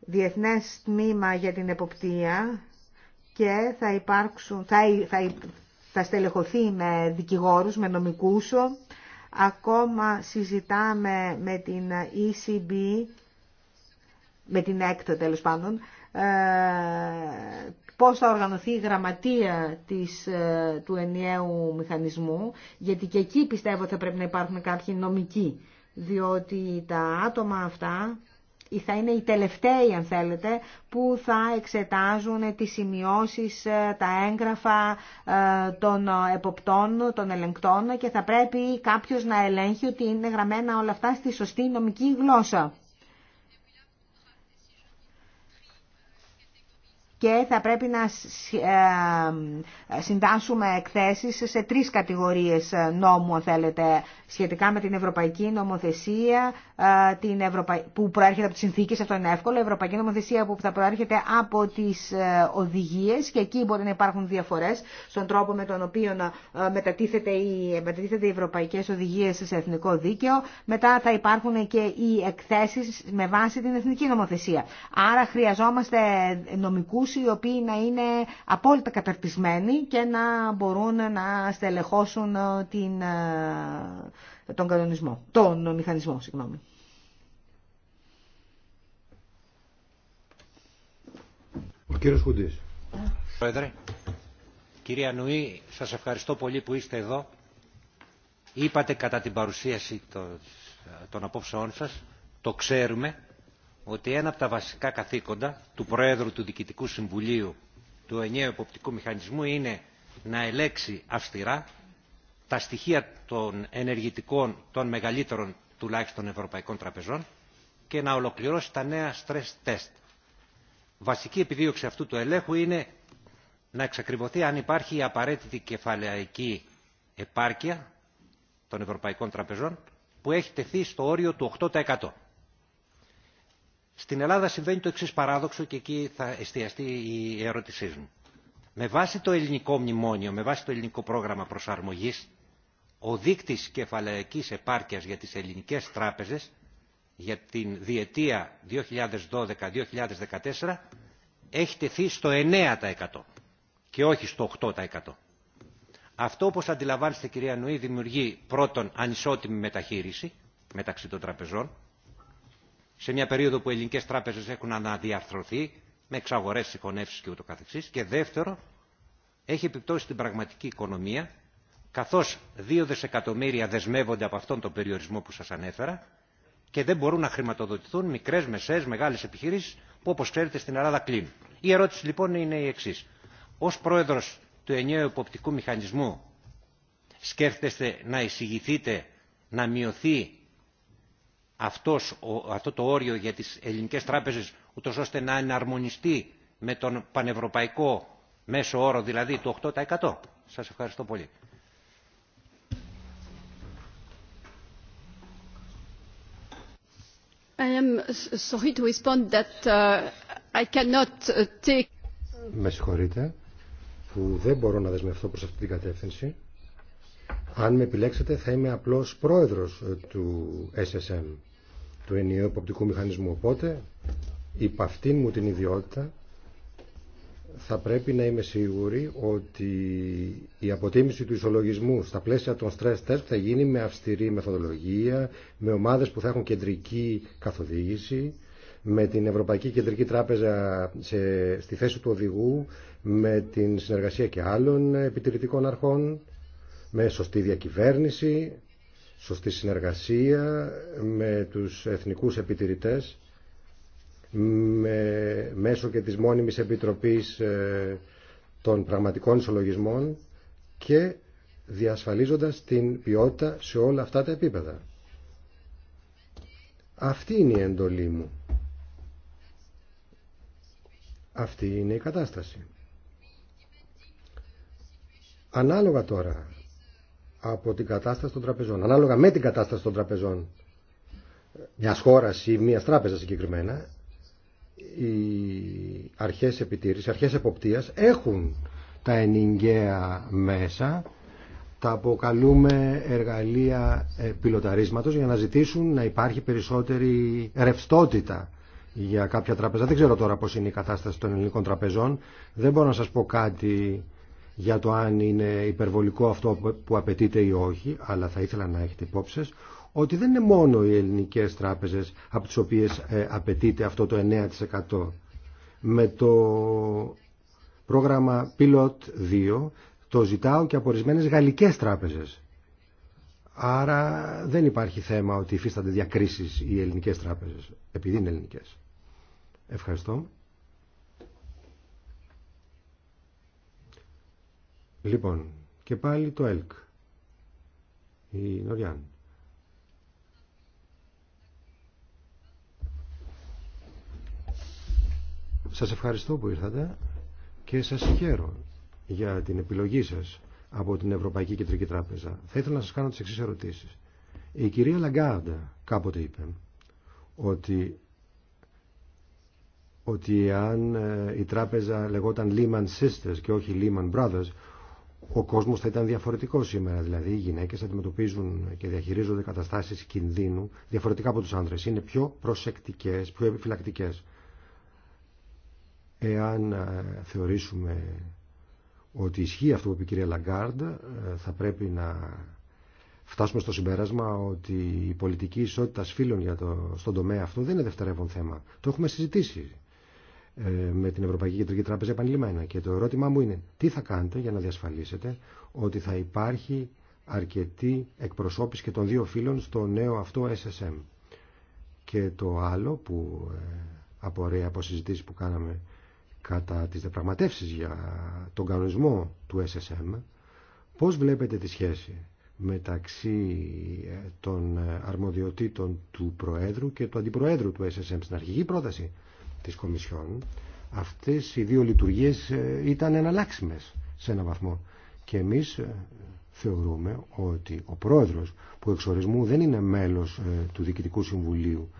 διεθνές τμήμα για την εποπτεία και θα υπάρξουν, θα, θα, θα στελεχωθεί με δικηγόρους, με νομικούς, Ακόμα συζητάμε με την ECB, με την έκτο τέλος πάντων, ε, πώς θα οργανωθεί η γραμματεία της, ε, του ενιαίου μηχανισμού, γιατί και εκεί πιστεύω θα πρέπει να υπάρχουν κάποιοι νομικοί, διότι τα άτομα αυτά θα είναι οι τελευταίοι αν θέλετε που θα εξετάζουν τις σημειώσεις, ε, τα έγγραφα ε, των εποπτών, των ελεγκτών και θα πρέπει κάποιος να ελέγχει ότι είναι γραμμένα όλα αυτά στη σωστή νομική γλώσσα. και θα πρέπει να ε, συντάσσουμε εκθέσεις σε τρεις κατηγορίες ε, νόμου, αν θέλετε, σχετικά με την ευρωπαϊκή νομοθεσία ε, την που προέρχεται από τις συνθήκες, αυτό είναι εύκολο, ευρωπαϊκή νομοθεσία που θα προέρχεται από τις οδηγίες και εκεί μπορεί να υπάρχουν διαφορές στον τρόπο με τον οποίο μετατίθεται οι, μετατίθεται οι ευρωπαϊκές οδηγίες σε εθνικό δίκαιο. Μετά θα υπάρχουν και οι εκθέσεις με βάση την εθνική νομοθεσία. Άρα χρειαζόμαστε νομικούς οι οποίοι να είναι απόλυτα καταρτισμένοι και να μπορούν να στελεχώσουν ε, ε, τον κανονισμό, τον μηχανισμό, συγγνώμη. Ο κύριος κυρία Νουή, σας ευχαριστώ πολύ που είστε εδώ. Είπατε κατά την παρουσίαση των ε, απόψεών σας, το ξέρουμε, ότι ένα από τα βασικά καθήκοντα του Προέδρου του Διοικητικού Συμβουλίου του ενιαίου εποπτικού μηχανισμού είναι να ελέξει αυστηρά τα στοιχεία των ενεργητικών των μεγαλύτερων τουλάχιστον ευρωπαϊκών τραπεζών και να ολοκληρώσει τα νέα stress test. Βασική επιδίωξη αυτού του ελέγχου είναι να εξακριβωθεί αν υπάρχει η απαραίτητη κεφαλαϊκή επάρκεια των ευρωπαϊκών τραπεζών που έχει τεθεί στο όριο του 8%. Στην Ελλάδα συμβαίνει το εξή παράδοξο και εκεί θα εστιαστεί η ερώτησή μου. Με βάση το ελληνικό μνημόνιο, με βάση το ελληνικό πρόγραμμα προσαρμογής, ο δείκτης κεφαλαϊκής επάρκειας για τις ελληνικές τράπεζες για την διετία 2012-2014 έχει τεθεί στο 9% και όχι στο 8%. Αυτό όπως αντιλαμβάνεστε κυρία Νουή δημιουργεί πρώτον ανισότιμη μεταχείριση μεταξύ των τραπεζών σε μια περίοδο που οι ελληνικέ τράπεζε έχουν αναδιαρθρωθεί με εξαγορές, συγχωνεύσεις και Και δεύτερο, έχει επιπτώσει στην πραγματική οικονομία, καθώ δύο δισεκατομμύρια δεσμεύονται από αυτόν τον περιορισμό που σα ανέφερα και δεν μπορούν να χρηματοδοτηθούν μικρέ μεσέ μεγάλε επιχείρησει που όπω ξέρετε στην Ελλάδα κλείνουν. Η ερώτηση λοιπόν είναι η εξή: ω πρόεδρο του ενιαίου εποπτικού μηχανισμού σκέφτεστε να εισηγηθείτε να μειωθεί αυτός, αυτό το όριο για τις ελληνικές τράπεζες ούτως ώστε να εναρμονιστεί με τον πανευρωπαϊκό μέσο όρο, δηλαδή το 8%. Σας ευχαριστώ πολύ. I am sorry to respond that uh, I cannot uh, take... Με συγχωρείτε που δεν μπορώ να δεσμευτώ προς αυτή την κατεύθυνση. Αν με επιλέξετε θα είμαι απλώς πρόεδρος ε, του SSM του ενιαίου υποπτικού μηχανισμού. Οπότε, υπ' αυτήν μου την ιδιότητα, θα πρέπει να είμαι σίγουρη ότι η αποτίμηση του ισολογισμού στα πλαίσια των stress test θα γίνει με αυστηρή μεθοδολογία, με ομάδες που θα έχουν κεντρική καθοδήγηση, με την Ευρωπαϊκή Κεντρική Τράπεζα σε, στη θέση του οδηγού, με την συνεργασία και άλλων επιτηρητικών αρχών, με σωστή διακυβέρνηση, σωστή συνεργασία με τους εθνικούς επιτηρητές με, μέσω και της μόνιμης επιτροπής ε, των πραγματικών ισολογισμών και διασφαλίζοντας την ποιότητα σε όλα αυτά τα επίπεδα. Αυτή είναι η εντολή μου. Αυτή είναι η κατάσταση. Ανάλογα τώρα από την κατάσταση των τραπεζών. Ανάλογα με την κατάσταση των τραπεζών μια χώρα ή μια τράπεζα συγκεκριμένα, οι αρχές επιτήρησης, αρχές εποπτείας έχουν τα ενηγκαία μέσα, τα αποκαλούμε εργαλεία ε, πιλοταρίσματος για να ζητήσουν να υπάρχει περισσότερη ρευστότητα για κάποια τράπεζα. Δεν ξέρω τώρα πώς είναι η κατάσταση των ελληνικών τραπεζών. Δεν μπορώ να σας πω κάτι για το αν είναι υπερβολικό αυτό που απαιτείται ή όχι, αλλά θα ήθελα να έχετε υπόψη ότι δεν είναι μόνο οι ελληνικές τράπεζες από τις οποίες ε, απαιτείται αυτό το 9%. Με το πρόγραμμα Pilot 2 το ζητάω και από ορισμένες γαλλικές τράπεζες. Άρα δεν υπάρχει θέμα ότι υφίστανται διακρίσεις οι ελληνικές τράπεζες, επειδή είναι ελληνικές. Ευχαριστώ. Λοιπόν, και πάλι το ΕΛΚ. Η Νοριάν. Σας ευχαριστώ που ήρθατε και σας χαίρω για την επιλογή σας από την Ευρωπαϊκή Κεντρική Τράπεζα. Θα ήθελα να σας κάνω τις εξής ερωτήσεις. Η κυρία Λαγκάρντα κάποτε είπε ότι ότι αν ε, η τράπεζα λεγόταν Lehman Sisters και όχι Lehman Brothers, ο κόσμος θα ήταν διαφορετικό σήμερα. Δηλαδή οι γυναίκες αντιμετωπίζουν και διαχειρίζονται καταστάσεις κινδύνου διαφορετικά από τους άνδρες. Είναι πιο προσεκτικές, πιο επιφυλακτικέ. Εάν ε, θεωρήσουμε ότι ισχύει αυτό που είπε η κυρία Λαγκάρντ, ε, θα πρέπει να φτάσουμε στο συμπέρασμα ότι η πολιτική ισότητα φίλων για το, στον τομέα αυτό δεν είναι δευτερεύον θέμα. Το έχουμε συζητήσει ε, με την Ευρωπαϊκή Κεντρική Τράπεζα επανειλημμένα. Και το ερώτημά μου είναι τι θα κάνετε για να διασφαλίσετε ότι θα υπάρχει αρκετή εκπροσώπηση και των δύο φίλων στο νέο αυτό SSM. Και το άλλο που ε, απορρέει από συζητήσεις που κάναμε κατά τις διαπραγματεύσεις για τον κανονισμό του SSM, πώς βλέπετε τη σχέση μεταξύ ε, των αρμοδιοτήτων του Προέδρου και του Αντιπροέδρου του SSM στην αρχική πρόταση της Κομισιόν, αυτές οι δύο λειτουργίες ε, ήταν εναλλάξιμες σε ένα βαθμό. Και εμείς ε, θεωρούμε ότι ο πρόεδρος που εξορισμού δεν είναι μέλος ε, του Διοικητικού Συμβουλίου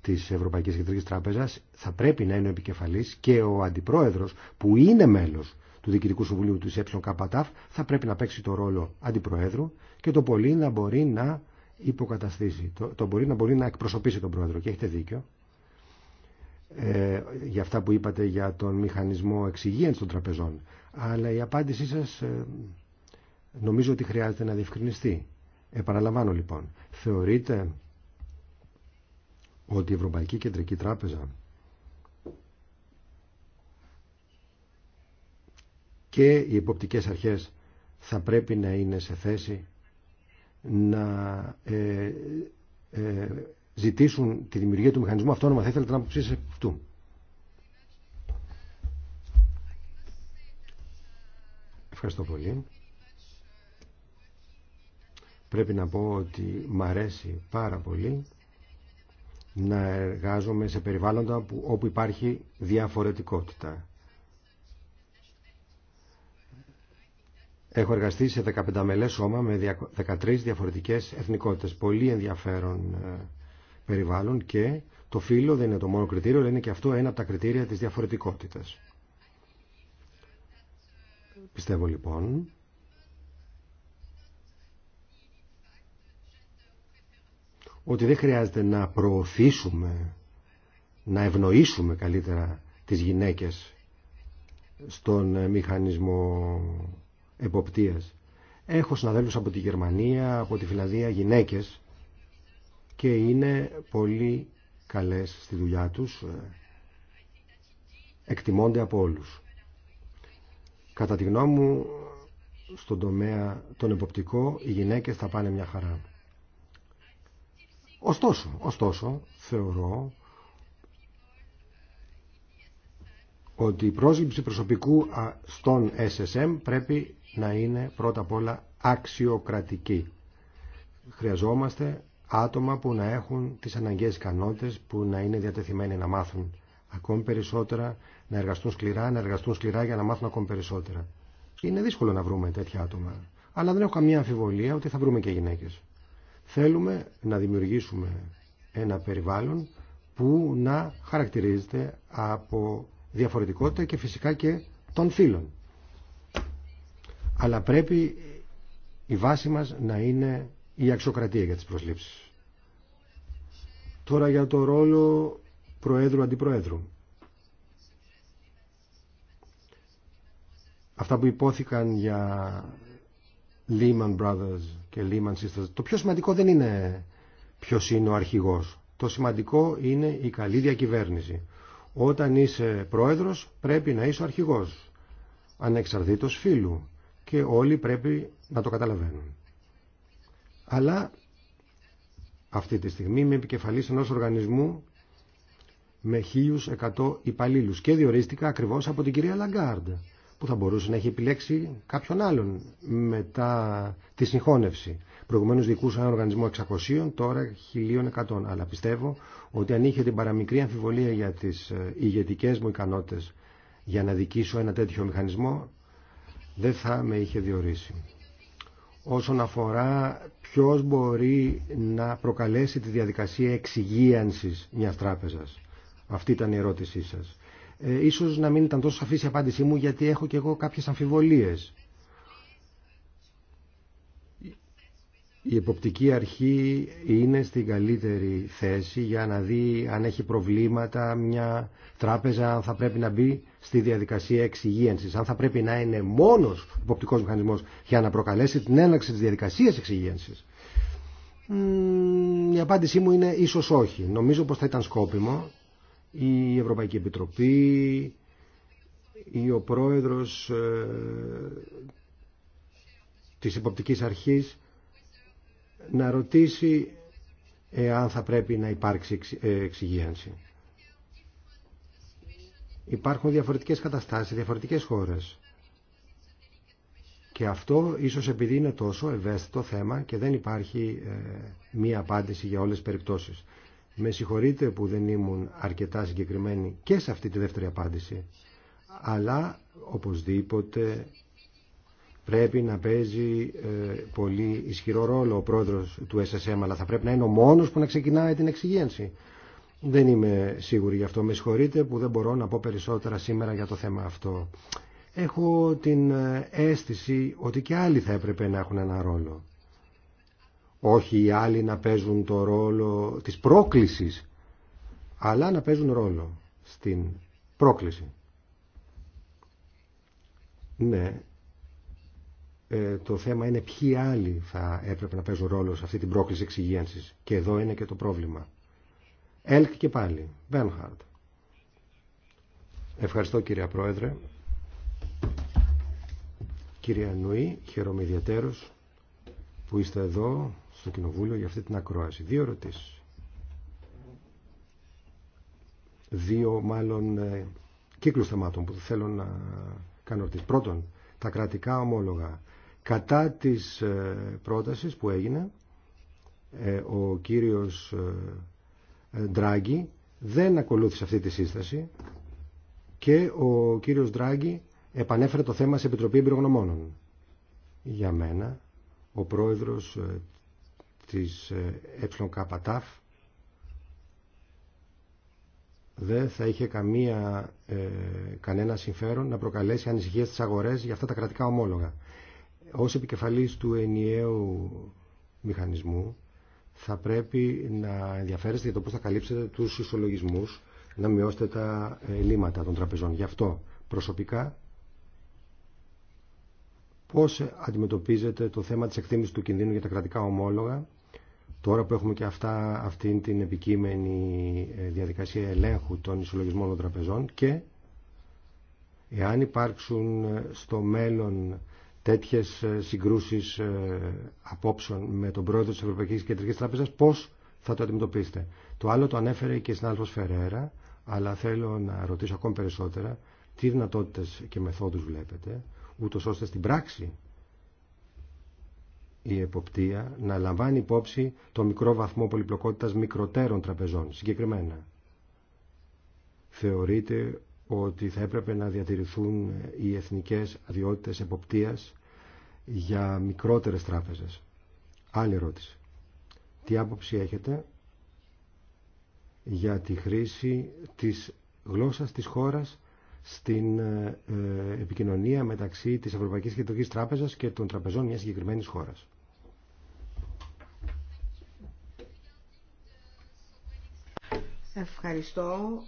της Ευρωπαϊκής Κεντρικής Τράπεζας θα πρέπει να είναι ο επικεφαλής και ο αντιπρόεδρος που είναι μέλος του Διοικητικού Συμβουλίου της ΕΚΤ θα πρέπει να παίξει το ρόλο αντιπροέδρου και το πολύ να μπορεί να υποκαταστήσει, το, το μπορεί να μπορεί να εκπροσωπήσει τον πρόεδρο. Και έχετε δίκιο ε, για αυτά που είπατε για τον μηχανισμό εξυγίανση των τραπεζών. Αλλά η απάντησή σας ε, νομίζω ότι χρειάζεται να διευκρινιστεί. Επαναλαμβάνω λοιπόν, θεωρείτε ότι η Ευρωπαϊκή Κεντρική Τράπεζα και οι υποπτικές αρχές θα πρέπει να είναι σε θέση να ε, ε, ζητήσουν τη δημιουργία του μηχανισμού αυτόνομα. Θα ήθελα να άποψή Ευχαριστώ πολύ. Πρέπει να πω ότι μ' αρέσει πάρα πολύ να εργάζομαι σε περιβάλλοντα που, όπου υπάρχει διαφορετικότητα. Έχω εργαστεί σε 15 μελές σώμα με 13 διαφορετικές εθνικότητες. Πολύ ενδιαφέρον ε, περιβάλλον και το φύλλο δεν είναι το μόνο κριτήριο, αλλά είναι και αυτό ένα από τα κριτήρια της διαφορετικότητας. Πιστεύω λοιπόν ότι δεν χρειάζεται να προωθήσουμε, να ευνοήσουμε καλύτερα τις γυναίκες στον ε, μηχανισμό εποπτείας. Έχω συναδέλφους από τη Γερμανία, από τη Φιλανδία, γυναίκες και είναι πολύ καλές στη δουλειά τους, ε, εκτιμώνται από όλους. Κατά τη γνώμη μου, στον τομέα τον εποπτικό, οι γυναίκες θα πάνε μια χαρά. Ωστόσο, ωστόσο, θεωρώ ότι η πρόσληψη προσωπικού στον SSM πρέπει να είναι πρώτα απ' όλα αξιοκρατική. Χρειαζόμαστε άτομα που να έχουν τις αναγκαίες ικανότητες, που να είναι διατεθειμένοι να μάθουν ακόμη περισσότερα, να εργαστούν σκληρά, να εργαστούν σκληρά για να μάθουν ακόμη περισσότερα. Είναι δύσκολο να βρούμε τέτοια άτομα. Αλλά δεν έχω καμία αμφιβολία ότι θα βρούμε και γυναίκες. Θέλουμε να δημιουργήσουμε ένα περιβάλλον που να χαρακτηρίζεται από διαφορετικότητα και φυσικά και των φίλων. Αλλά πρέπει η βάση μας να είναι η αξιοκρατία για τις προσλήψεις. Τώρα για το ρόλο Προέδρου-Αντιπροέδρου. Αυτά που υπόθηκαν για Lehman Brothers και Lehman Sisters. Το πιο σημαντικό δεν είναι ποιος είναι ο αρχηγός. Το σημαντικό είναι η καλή διακυβέρνηση. Όταν είσαι πρόεδρος πρέπει να είσαι ο αρχηγός. Ανεξαρτήτως φίλου. Και όλοι πρέπει να το καταλαβαίνουν. Αλλά αυτή τη στιγμή είμαι επικεφαλής ενός οργανισμού με 1.100 υπαλλήλου και διορίστηκα ακριβώ από την κυρία Λαγκάρντ που θα μπορούσε να έχει επιλέξει κάποιον άλλον μετά τη συγχώνευση. Προηγουμένω δικούσα ένα οργανισμό 600, τώρα 1.100. Αλλά πιστεύω ότι αν είχε την παραμικρή αμφιβολία για τι ε, ηγετικέ μου ικανότητε για να δικήσω ένα τέτοιο μηχανισμό, δεν θα με είχε διορίσει. Όσον αφορά ποιος μπορεί να προκαλέσει τη διαδικασία εξυγίανσης μιας τράπεζας. Αυτή ήταν η ερώτησή σας. Ε, ίσως να μην ήταν τόσο σαφής η απάντησή μου γιατί έχω και εγώ κάποιες αμφιβολίες. Η εποπτική αρχή είναι στην καλύτερη θέση για να δει αν έχει προβλήματα μια τράπεζα, αν θα πρέπει να μπει στη διαδικασία εξυγίανσης, αν θα πρέπει να είναι μόνος εποπτικός μηχανισμός για να προκαλέσει την έναρξη της διαδικασίας εξυγίανσης. Η απάντησή μου είναι ίσως όχι. Νομίζω πως θα ήταν σκόπιμο η Ευρωπαϊκή Επιτροπή ή ο πρόεδρος ε, της υποπτικής αρχής να ρωτήσει εάν θα πρέπει να υπάρξει ε, εξυγίανση. Υπάρχουν διαφορετικές καταστάσεις, διαφορετικές χώρες. Και αυτό ίσως επειδή είναι τόσο ευαίσθητο θέμα και δεν υπάρχει ε, μία απάντηση για όλες τις περιπτώσεις. Με συγχωρείτε που δεν ήμουν αρκετά συγκεκριμένη και σε αυτή τη δεύτερη απάντηση. Αλλά οπωσδήποτε πρέπει να παίζει ε, πολύ ισχυρό ρόλο ο πρόεδρος του SSM, αλλά θα πρέπει να είναι ο μόνος που να ξεκινάει την εξυγένση. Δεν είμαι σίγουροι γι' αυτό. Με συγχωρείτε που δεν μπορώ να πω περισσότερα σήμερα για το θέμα αυτό. Έχω την ε, αίσθηση ότι και άλλοι θα έπρεπε να έχουν ένα ρόλο όχι οι άλλοι να παίζουν το ρόλο της πρόκλησης, αλλά να παίζουν ρόλο στην πρόκληση. Ναι, ε, το θέμα είναι ποιοι άλλοι θα έπρεπε να παίζουν ρόλο σε αυτή την πρόκληση εξυγίανσης. Και εδώ είναι και το πρόβλημα. Ελκ και πάλι. Μπένχαρντ. Ευχαριστώ κύρια Πρόεδρε. κύρια Νουή, χαίρομαι που είστε εδώ στο Κοινοβούλιο για αυτή την ακρόαση. Δύο ερωτήσεις. Δύο μάλλον ε, κύκλους θεμάτων που θέλω να κάνω ερωτήσεις. Πρώτον, τα κρατικά ομόλογα. Κατά της ε, πρότασης που έγινε, ε, ο κύριος Ντράγκη δεν ακολούθησε αυτή τη σύσταση και ο κύριος Ντράγκη επανέφερε το θέμα σε Επιτροπή Εμπειρογνωμόνων. Για μένα ο πρόεδρος ε, της ε, ΕΚΤΑΦ δεν θα είχε καμία, ε, κανένα συμφέρον να προκαλέσει ανησυχίες στις αγορές για αυτά τα κρατικά ομόλογα. Ως επικεφαλής του ενιαίου μηχανισμού θα πρέπει να ενδιαφέρεστε για το πώς θα καλύψετε τους ισολογισμούς, να μειώσετε τα ελλείμματα των τραπεζών. Γι' αυτό προσωπικά Πώς αντιμετωπίζετε το θέμα της εκτίμησης του κινδύνου για τα κρατικά ομόλογα, τώρα που έχουμε και αυτά, αυτήν την επικείμενη ε, διαδικασία ελέγχου των ισολογισμών των τραπεζών και εάν υπάρξουν ε, στο μέλλον τέτοιες ε, συγκρούσεις απόψεων με τον πρόεδρο της Ευρωπαϊκής Κεντρικής Τράπεζας, πώς θα το αντιμετωπίσετε. Το άλλο το ανέφερε και η συνάδελφος Φεραίρα, αλλά θέλω να ρωτήσω ακόμη περισσότερα τι δυνατότητες και μεθόδους βλέπετε, ούτως ώστε στην πράξη η εποπτεία να λαμβάνει υπόψη το μικρό βαθμό πολυπλοκότητας μικροτέρων τραπεζών συγκεκριμένα. Θεωρείται ότι θα έπρεπε να διατηρηθούν οι εθνικές αδειότητες εποπτείας για μικρότερες τράπεζες. Άλλη ερώτηση. Τι άποψη έχετε για τη χρήση της γλώσσας της χώρας στην ε, ε, επικοινωνία μεταξύ της Ευρωπαϊκής Κεντρικής Τράπεζας και των τραπεζών μιας συγκεκριμένης χώρας. Ευχαριστώ.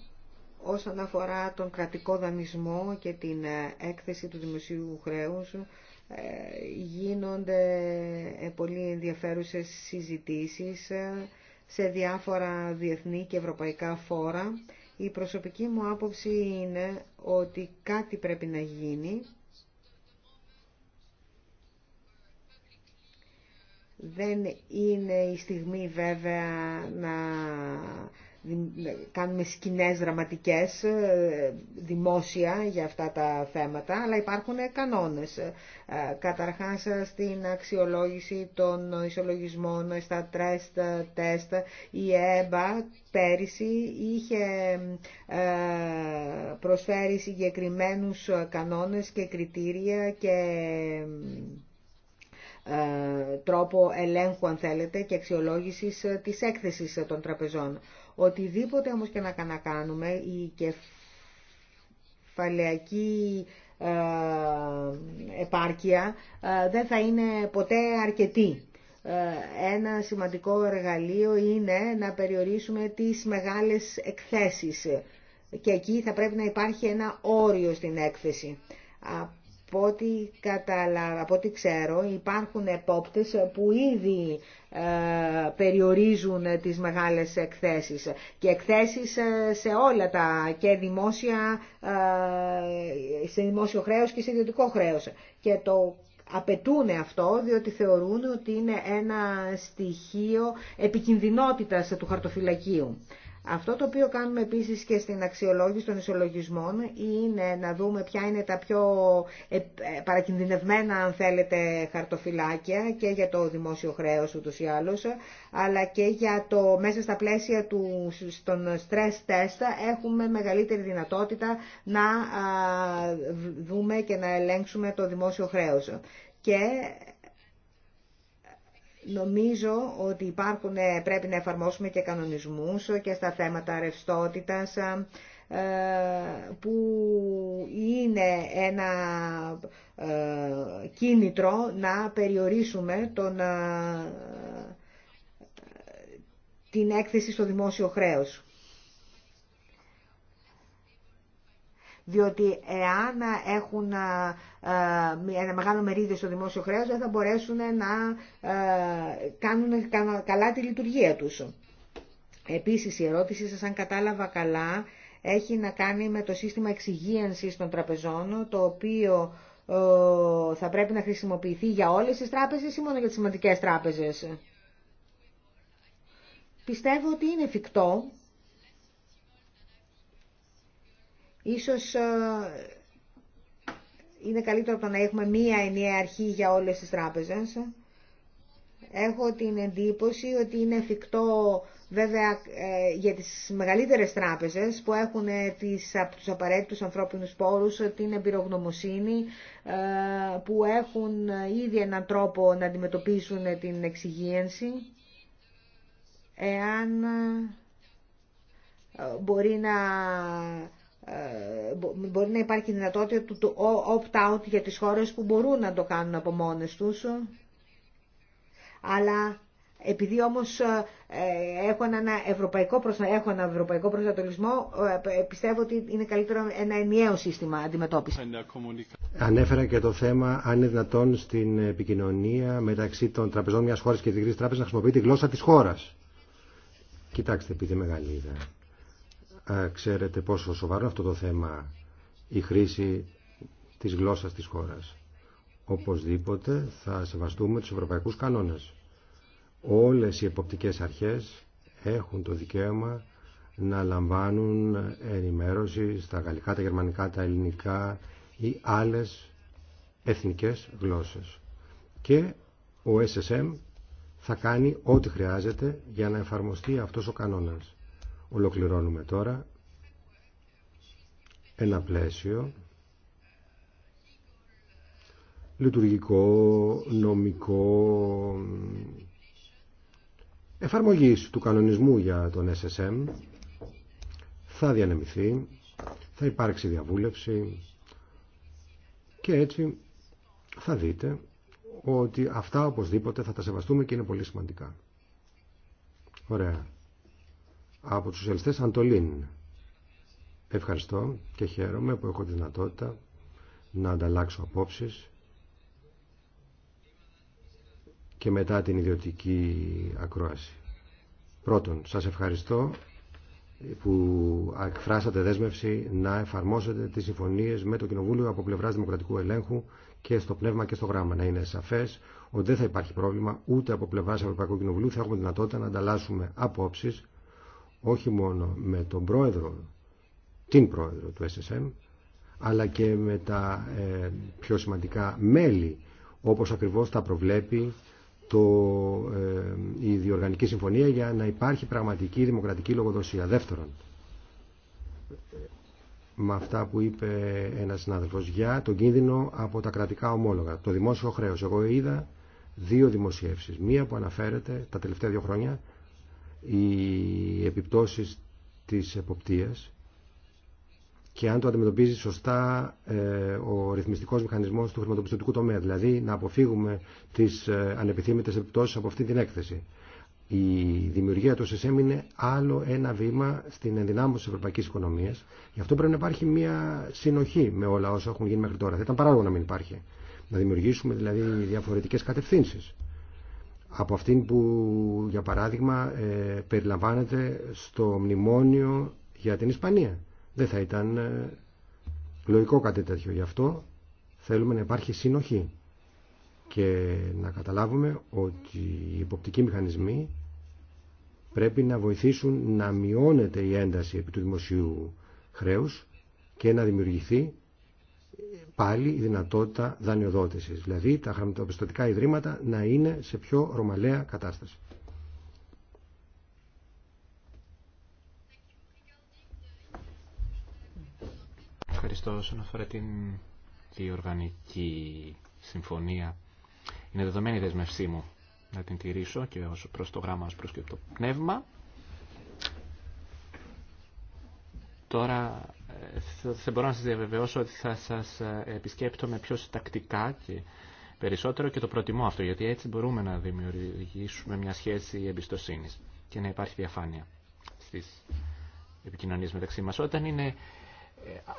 Όσον αφορά τον κρατικό δανεισμό και την ε, έκθεση του δημοσίου χρέους, γίνονται πολύ ενδιαφέρουσες συζητήσεις σε διάφορα διεθνή και ευρωπαϊκά φόρα η προσωπική μου άποψη είναι ότι κάτι πρέπει να γίνει. Δεν είναι η στιγμή βέβαια να κάνουμε σκηνές δραματικές ε, δημόσια για αυτά τα θέματα, αλλά υπάρχουν κανόνες. Ε, καταρχάς ε, στην αξιολόγηση των ισολογισμών στα τρέστ τεστ, η ΕΜΠΑ πέρυσι είχε προσφέρει συγκεκριμένους κανόνες και κριτήρια και τρόπο ελέγχου αν θέλετε και αξιολόγησης της έκθεσης των τραπεζών. Οτιδήποτε όμως και να κάνουμε, η κεφαλαιακή ε, επάρκεια ε, δεν θα είναι ποτέ αρκετή. Ε, ένα σημαντικό εργαλείο είναι να περιορίσουμε τις μεγάλες εκθέσεις και εκεί θα πρέπει να υπάρχει ένα όριο στην έκθεση από ό,τι, καταλα... από ξέρω υπάρχουν επόπτες που ήδη ε, περιορίζουν τις μεγάλες εκθέσεις και εκθέσεις ε, σε όλα τα και δημόσια, ε, σε δημόσιο χρέος και σε ιδιωτικό χρέος. Και το απαιτούν αυτό διότι θεωρούν ότι είναι ένα στοιχείο επικινδυνότητας του χαρτοφυλακίου. Αυτό το οποίο κάνουμε επίσης και στην αξιολόγηση των ισολογισμών είναι να δούμε ποια είναι τα πιο ε, ε, παρακινδυνευμένα αν θέλετε χαρτοφυλάκια και για το δημόσιο χρέος ούτως ή άλλως αλλά και για το μέσα στα πλαίσια του, στον stress test έχουμε μεγαλύτερη δυνατότητα να δούμε και να ελέγξουμε το δημόσιο χρέος. Και Νομίζω ότι υπάρχουν, ε, πρέπει να εφαρμόσουμε και κανονισμούς ε, και στα θέματα ρευστότητας ε, που είναι ένα κίνητρο να περιορίσουμε τον, την έκθεση στο δημόσιο χρέος. διότι εάν έχουν ε, ε, ένα μεγάλο μερίδιο στο δημόσιο χρέος δεν θα μπορέσουν να ε, κάνουν καλά τη λειτουργία τους. Επίσης η ερώτησή σας αν κατάλαβα καλά έχει να κάνει με το σύστημα εξυγίανσης των τραπεζών το οποίο θα πρέπει να χρησιμοποιηθεί για όλες τις τράπεζες ή μόνο για τις σημαντικές τράπεζες. Πιστεύω ότι είναι εφικτό Ίσως ε, είναι καλύτερο το να έχουμε μία ενιαία αρχή για όλες τις τράπεζες. Έχω την εντύπωση ότι είναι εφικτό βέβαια ε, για τις μεγαλύτερες τράπεζες που έχουν ε, τις, τους απαραίτητους ανθρώπινους πόρους, την εμπειρογνωμοσύνη, που έχουν ήδη έναν τρόπο να αντιμετωπίσουν την εξυγίανση. Εάν μπορεί να ε, μπορεί να υπάρχει δυνατότητα του opt-out για τις χώρες που μπορούν να το κάνουν από μόνες τους. Αλλά επειδή όμως ε, έχω ένα ευρωπαϊκό, έχω ένα ευρωπαϊκό προστατολισμό, ε, πιστεύω ότι είναι καλύτερο ένα ενιαίο σύστημα αντιμετώπισης. Ανέφερα και το θέμα αν είναι δυνατόν στην επικοινωνία μεταξύ των τραπεζών μιας χώρας και της Γρήσης Τράπεζας να χρησιμοποιεί τη γλώσσα της χώρας. Κοιτάξτε, επειδή μεγαλύτερα ξέρετε πόσο σοβαρό αυτό το θέμα η χρήση της γλώσσας της χώρας. Οπωσδήποτε θα σεβαστούμε τους ευρωπαϊκούς κανόνες. Όλες οι εποπτικές αρχές έχουν το δικαίωμα να λαμβάνουν ενημέρωση στα γαλλικά, τα γερμανικά, τα ελληνικά ή άλλες εθνικές γλώσσες. Και ο SSM θα κάνει ό,τι χρειάζεται για να εφαρμοστεί αυτός ο κανόνας. Ολοκληρώνουμε τώρα ένα πλαίσιο λειτουργικό, νομικό, εφαρμογής του κανονισμού για τον SSM θα διανεμηθεί, θα υπάρξει διαβούλευση και έτσι θα δείτε ότι αυτά οπωσδήποτε θα τα σεβαστούμε και είναι πολύ σημαντικά. Ωραία. Από τους ελστές Αντολίν. Ευχαριστώ και χαίρομαι που έχω τη δυνατότητα να ανταλλάξω απόψεις και μετά την ιδιωτική ακρόαση. Πρώτον, σας ευχαριστώ που εκφράσατε δέσμευση να εφαρμόσετε τις συμφωνίες με το Κοινοβούλιο από πλευράς Δημοκρατικού Ελέγχου και στο πνεύμα και στο γράμμα. Να είναι σαφές ότι δεν θα υπάρχει πρόβλημα ούτε από πλευράς Ευρωπαϊκού Κοινοβουλίου θα έχουμε δυνατότητα να ανταλλάσσουμε απόψεις όχι μόνο με τον πρόεδρο, την πρόεδρο του SSM, αλλά και με τα ε, πιο σημαντικά μέλη, όπως ακριβώς τα προβλέπει το, ε, η Διοργανική Συμφωνία για να υπάρχει πραγματική δημοκρατική λογοδοσία. Δεύτερον, με αυτά που είπε ένας συνάδελφος για τον κίνδυνο από τα κρατικά ομόλογα, το δημόσιο χρέος. Εγώ είδα δύο δημοσιεύσεις. Μία που αναφέρεται τα τελευταία δύο χρόνια οι επιπτώσεις της εποπτείας και αν το αντιμετωπίζει σωστά ε, ο ρυθμιστικός μηχανισμός του χρηματοπιστωτικού τομέα. Δηλαδή να αποφύγουμε τις ε, ανεπιθύμητες επιπτώσεις από αυτή την έκθεση. Η δημιουργία του ΣΣΜ είναι άλλο ένα βήμα στην ενδυνάμωση τη ευρωπαϊκή οικονομία. Γι' αυτό πρέπει να υπάρχει μια συνοχή με όλα όσα έχουν γίνει μέχρι τώρα. Θα ήταν παράλογο να μην υπάρχει. Να δημιουργήσουμε δηλαδή διαφορετικέ κατευθύνσει από αυτήν που για παράδειγμα ε, περιλαμβάνεται στο μνημόνιο για την Ισπανία. Δεν θα ήταν ε, λογικό κάτι τέτοιο. Γι' αυτό θέλουμε να υπάρχει συνοχή και να καταλάβουμε ότι οι υποπτικοί μηχανισμοί πρέπει να βοηθήσουν να μειώνεται η ένταση επί του δημοσίου χρέους και να δημιουργηθεί πάλι η δυνατότητα δανειοδότησης. Δηλαδή τα χρηματοπιστωτικά ιδρύματα να είναι σε πιο ρωμαλαία κατάσταση. Ευχαριστώ όσον αφορά την διοργανική συμφωνία. Είναι δεδομένη η δεσμευσή μου να την τηρήσω και ως προς το γράμμα, ως προς και το πνεύμα. Τώρα θα μπορώ να σας διαβεβαιώσω ότι θα σας ε, επισκέπτομαι πιο τακτικά και περισσότερο και το προτιμώ αυτό, γιατί έτσι μπορούμε να δημιουργήσουμε μια σχέση εμπιστοσύνης και να υπάρχει διαφάνεια στις επικοινωνίες μεταξύ μας. Όταν είναι ε,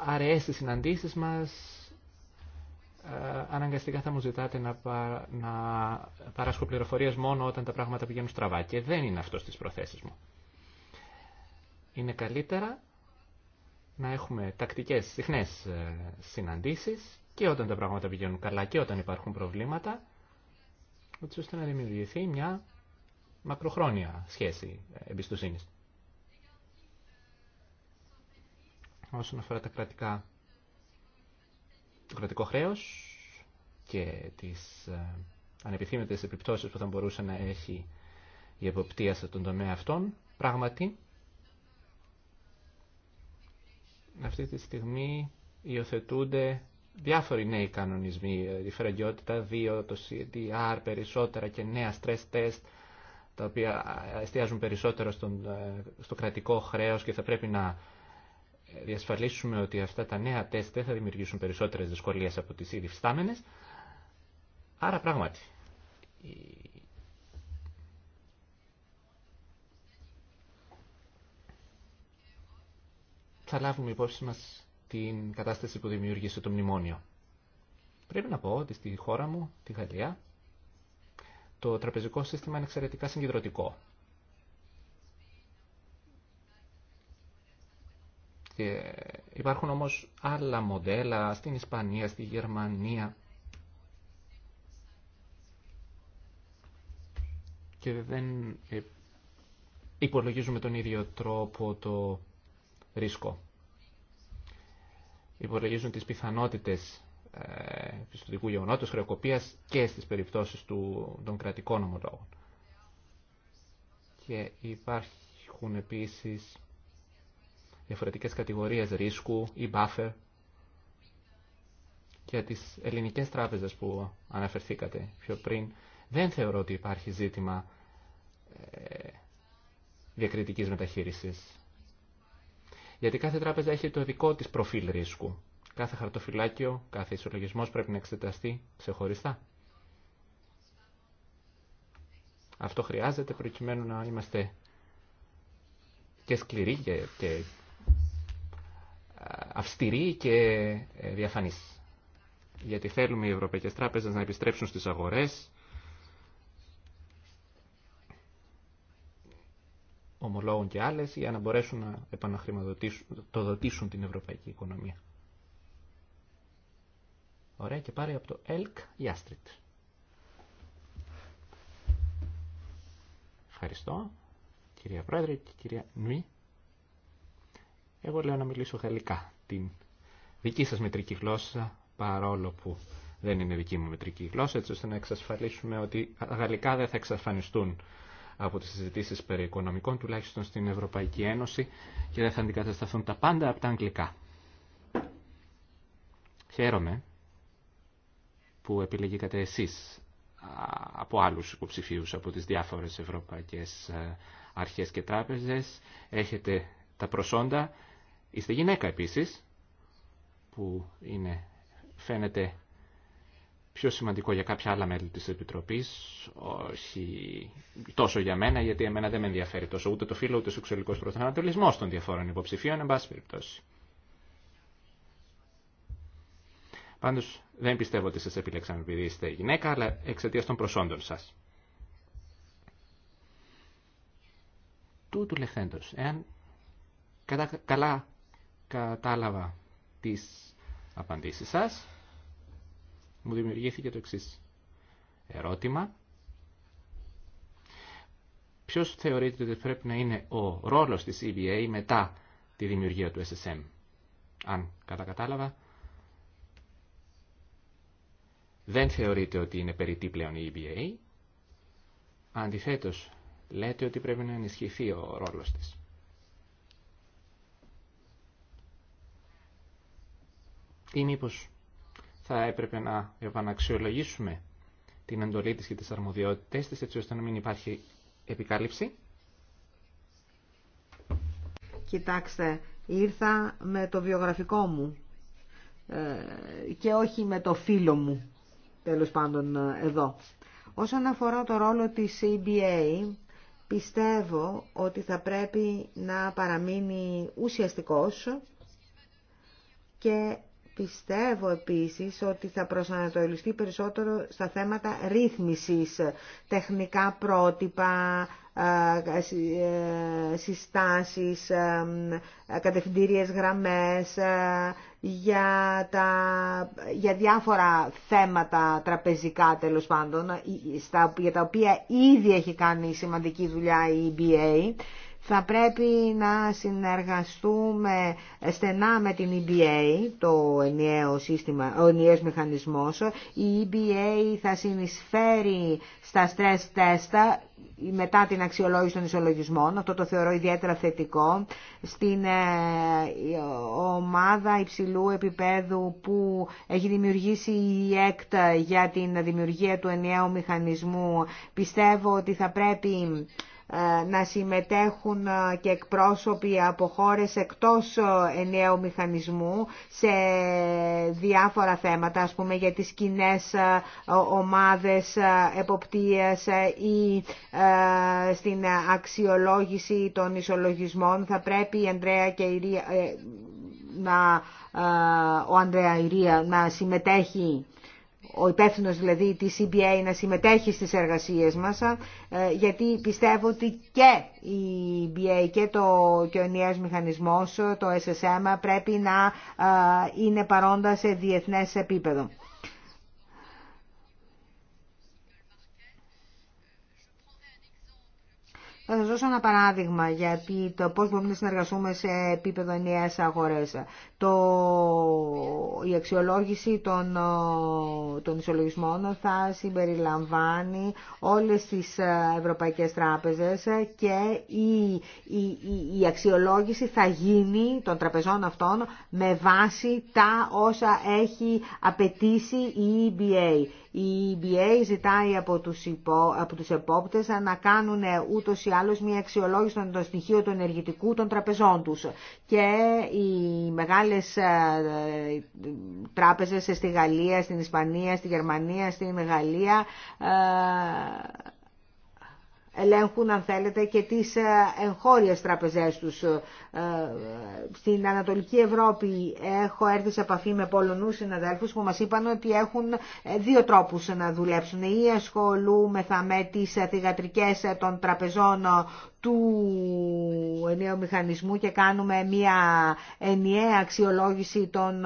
αραιές οι συναντήσεις μας, ε, αναγκαστικά θα μου ζητάτε να, να παράσχω πληροφορίες μόνο όταν τα πράγματα πηγαίνουν στραβά και δεν είναι αυτό στις προθέσεις μου. Είναι καλύτερα να έχουμε τακτικές συχνές ε, συναντήσεις και όταν τα πράγματα πηγαίνουν καλά και όταν υπάρχουν προβλήματα, έτσι ώστε να δημιουργηθεί μια μακροχρόνια σχέση ε, εμπιστοσύνης. Όσον αφορά τα κρατικά, το κρατικό χρέος και τις ε, ανεπιθύμητες επιπτώσεις που θα μπορούσε να έχει η εποπτεία τον τομέα αυτών, πράγματι αυτή τη στιγμή υιοθετούνται διάφοροι νέοι κανονισμοί, ε, η 2, το CDR περισσότερα και νέα stress test, τα οποία ε, εστιάζουν περισσότερο στον, ε, στο κρατικό χρέος και θα πρέπει να διασφαλίσουμε ότι αυτά τα νέα τεστ δεν θα δημιουργήσουν περισσότερες δυσκολίες από τις ήδη φυστάμενες. Άρα πράγματι, θα λάβουμε υπόψη μας την κατάσταση που δημιούργησε το μνημόνιο. Πρέπει να πω ότι στη χώρα μου, τη Γαλλία, το τραπεζικό σύστημα είναι εξαιρετικά συγκεντρωτικό. Και υπάρχουν όμως άλλα μοντέλα στην Ισπανία, στη Γερμανία. Και δεν ε, υπολογίζουμε τον ίδιο τρόπο το ρίσκο. Υπολογίζουν τις πιθανότητες πιστοτικού ε, γεγονότος, χρεοκοπίας και στις περιπτώσεις του, των κρατικών ομολόγων. Και υπάρχουν επίσης διαφορετικές κατηγορίες ρίσκου ή buffer για τις ελληνικές τράπεζες που αναφερθήκατε πιο πριν. Δεν θεωρώ ότι υπάρχει ζήτημα ε, διακριτικής μεταχείρισης γιατί κάθε τράπεζα έχει το δικό της προφίλ ρίσκου. Κάθε χαρτοφυλάκιο, κάθε ισολογισμός πρέπει να εξεταστεί ξεχωριστά. Αυτό χρειάζεται προκειμένου να είμαστε και σκληροί και αυστηροί και ε, διαφανείς. Γιατί θέλουμε οι Ευρωπαϊκές Τράπεζες να επιστρέψουν στις αγορές, ομολόγων και άλλε για να μπορέσουν να επαναχρηματοδοτήσουν την ευρωπαϊκή οικονομία. Ωραία και πάρει από το ΕΛΚ η Άστριτ. Ευχαριστώ κυρία Πρόεδρε και κυρία Νουή. Εγώ λέω να μιλήσω γαλλικά την δική σας μετρική γλώσσα παρόλο που δεν είναι δική μου μετρική γλώσσα έτσι ώστε να εξασφαλίσουμε ότι γαλλικά δεν θα εξασφανιστούν από τις συζητήσει περί οικονομικών, τουλάχιστον στην Ευρωπαϊκή Ένωση, και δεν θα αντικατασταθούν τα πάντα από τα αγγλικά. Χαίρομαι που επιλεγήκατε εσείς από άλλους υποψηφίου από τις διάφορες ευρωπαϊκές ε, αρχές και τράπεζες. Έχετε τα προσόντα. Είστε γυναίκα επίσης, που είναι, φαίνεται πιο σημαντικό για κάποια άλλα μέλη της Επιτροπής, όχι τόσο για μένα, γιατί εμένα δεν με ενδιαφέρει τόσο ούτε το φύλλο, ούτε ο σεξουαλικός προσανατολισμός των διαφόρων υποψηφίων, εν πάση περιπτώσει. Πάντως δεν πιστεύω ότι σας επιλέξαμε επειδή είστε γυναίκα, αλλά εξαιτία των προσόντων σας. Τούτου λεχθέντος, εάν καλά κατάλαβα τις απαντήσεις σας, μου δημιουργήθηκε το εξή ερώτημα. Ποιος θεωρείτε ότι πρέπει να είναι ο ρόλος της EBA μετά τη δημιουργία του SSM. Αν κατά δεν θεωρείτε ότι είναι περιττή πλέον η EBA. Αντιθέτως, λέτε ότι πρέπει να ενισχυθεί ο ρόλος της. Ή μήπως θα έπρεπε να επαναξιολογήσουμε την εντολή της και τις αρμοδιότητες της, έτσι ώστε να μην υπάρχει επικάλυψη. Κοιτάξτε, ήρθα με το βιογραφικό μου ε, και όχι με το φίλο μου, τέλος πάντων, εδώ. Όσον αφορά το ρόλο της CBA, πιστεύω ότι θα πρέπει να παραμείνει ουσιαστικός και Πιστεύω επίσης ότι θα προσανατολιστεί περισσότερο στα θέματα ρύθμισης, τεχνικά πρότυπα, ε, ε, συστάσεις, ε, κατευθυντήριες γραμμές για, τα, διάφορα θέματα τραπεζικά τέλος πάντων, για τα οποία ήδη έχει κάνει σημαντική δουλειά η EBA θα πρέπει να συνεργαστούμε στενά με την EBA, το ενιαίο σύστημα, ο ενιαίος μηχανισμός. Η EBA θα συνεισφέρει στα stress test μετά την αξιολόγηση των ισολογισμών, αυτό το θεωρώ ιδιαίτερα θετικό, στην ε, ομάδα υψηλού επίπεδου που έχει δημιουργήσει η ΕΚΤ e για την δημιουργία του ενιαίου μηχανισμού, πιστεύω ότι θα πρέπει να συμμετέχουν ε, και εκπρόσωποι από χώρες εκτός ε, ενιαίου μηχανισμού σε διάφορα θέματα, ας πούμε για τις κοινέ ε, ομάδες εποπτείας ή στην αξιολόγηση των ισολογισμών. Θα πρέπει η στην αξιολογηση των ισολογισμων θα πρεπει η και η Ρία, να, ο Ανδρέα Ιρία να συμμετέχει ο υπεύθυνο δηλαδή τη CBA να συμμετέχει στις εργασίες μας, ε, γιατί πιστεύω ότι και η EBA και, το, και ο ενιαίος μηχανισμός, το SSM, πρέπει να ε, είναι παρόντα σε διεθνές επίπεδο. Θα σας δώσω ένα παράδειγμα για το πώς μπορούμε να συνεργαστούμε σε επίπεδο ενιαίας αγορές. Το, η αξιολόγηση των, των ισολογισμών θα συμπεριλαμβάνει όλες τις ε, ευρωπαϊκές τράπεζες και η, η, η, αξιολόγηση θα γίνει των τραπεζών αυτών με βάση τα όσα έχει απαιτήσει η EBA. Η EBA ζητάει από τους, υπο, από τους επόπτες να κάνουν ε, ούτως ή άλλως μια αξιολόγηση των στοιχείων του ενεργητικού των τραπεζών τους. Και οι μεγάλες ε, τράπεζες στη Γαλλία, στην Ισπανία, στη Γερμανία, στην Γαλλία ε, ελέγχουν αν θέλετε και τις ε, εγχώριες τραπεζές τους. Ε, ε, στην Ανατολική Ευρώπη έχω έρθει σε επαφή με Πολωνούς συναδέλφους που μας είπαν ότι έχουν δύο τρόπους να δουλέψουν. Ή ασχολούμεθα με τις θηγατρικές των τραπεζών του ενιαίου μηχανισμού και κάνουμε μια ενιαία αξιολόγηση των,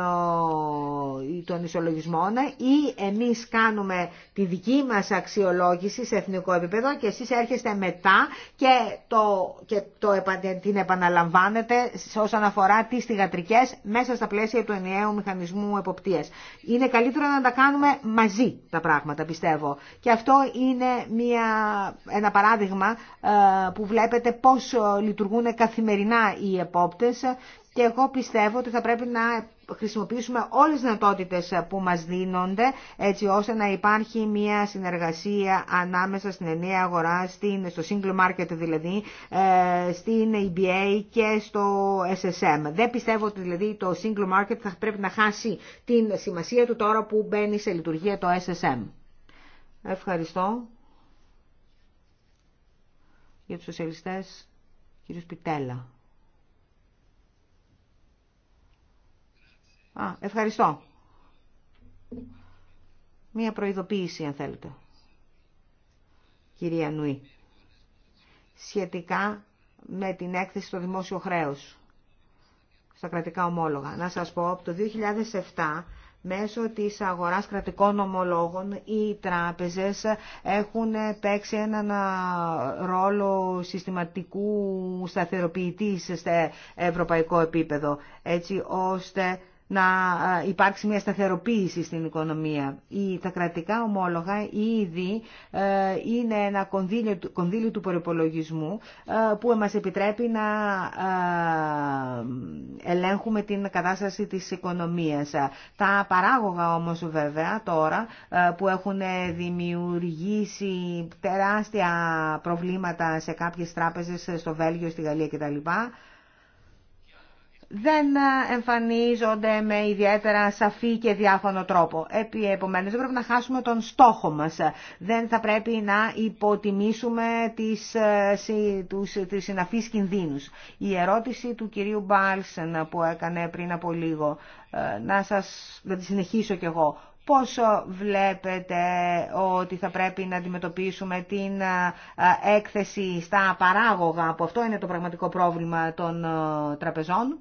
των ισολογισμών ή εμείς κάνουμε τη δική μας αξιολόγηση σε εθνικό επίπεδο και εσείς έρχεστε μετά και, το, και το, την επαναλαμβάνετε όσον αφορά τις θηγατρικές μέσα στα πλαίσια του ενιαίου μηχανισμού εποπτείας. Είναι καλύτερο να τα κάνουμε μαζί τα πράγματα πιστεύω και αυτό είναι ένα παράδειγμα ε, που βλέπουμε βλέπετε πώς ε, λειτουργούν καθημερινά οι επόπτες και εγώ πιστεύω ότι θα πρέπει να χρησιμοποιήσουμε όλες τις δυνατότητες που μας δίνονται έτσι ώστε να υπάρχει μια συνεργασία ανάμεσα στην ενιαία αγορά, στην, στο single market δηλαδή, ε, στην EBA και στο SSM. Δεν πιστεύω ότι δηλαδή το single market θα πρέπει να χάσει την σημασία του τώρα που μπαίνει σε λειτουργία το SSM. Ευχαριστώ. Για τους σοσιαλιστές, κύριο Πιτέλα. Α, ευχαριστώ. Μία προειδοποίηση, αν θέλετε. Κυρία Νουή. Σχετικά με την έκθεση στο δημόσιο χρέος στα κρατικά ομόλογα. Να σας πω, από το 2007 Μέσω της αγοράς κρατικών ομολόγων οι τράπεζες έχουν παίξει έναν ρόλο συστηματικού σταθεροποιητή σε ευρωπαϊκό επίπεδο, έτσι ώστε να υπάρξει μια σταθεροποίηση στην οικονομία. Τα κρατικά ομόλογα ήδη ε, είναι ένα κονδύλιο, του προπολογισμού ε, που μας επιτρέπει να ε, ελέγχουμε την κατάσταση της οικονομίας. Τα παράγωγα όμως βέβαια τώρα που έχουν δημιουργήσει τεράστια προβλήματα σε κάποιες τράπεζες στο Βέλγιο, στη Γαλλία κτλ δεν ε, εμφανίζονται με ιδιαίτερα σαφή και διάφανο τρόπο. Επί, επομένως, δεν πρέπει να χάσουμε τον στόχο μας. Δεν θα πρέπει να υποτιμήσουμε τις, ε, τους, τις συναφείς κινδύνους. Η ερώτηση του κυρίου Μπάλσεν που έκανε πριν από λίγο, ε, να σας να τη συνεχίσω κι εγώ. Πόσο βλέπετε ότι θα πρέπει να αντιμετωπίσουμε την έκθεση στα παράγωγα, που αυτό είναι το πραγματικό πρόβλημα των τραπεζών.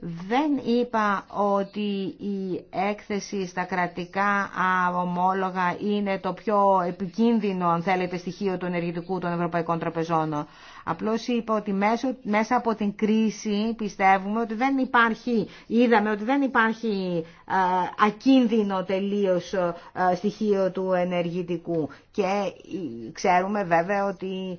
Δεν είπα ότι η έκθεση στα κρατικά ομόλογα είναι το πιο επικίνδυνο, αν θέλετε, στοιχείο του ενεργητικού των Ευρωπαϊκών Τραπεζών. Απλώς είπα ότι μέσα από την κρίση πιστεύουμε ότι δεν υπάρχει, είδαμε ότι δεν υπάρχει ε, ακίνδυνο τελείως ε, στοιχείο του ενεργητικού. Και ε, ξέρουμε βέβαια ότι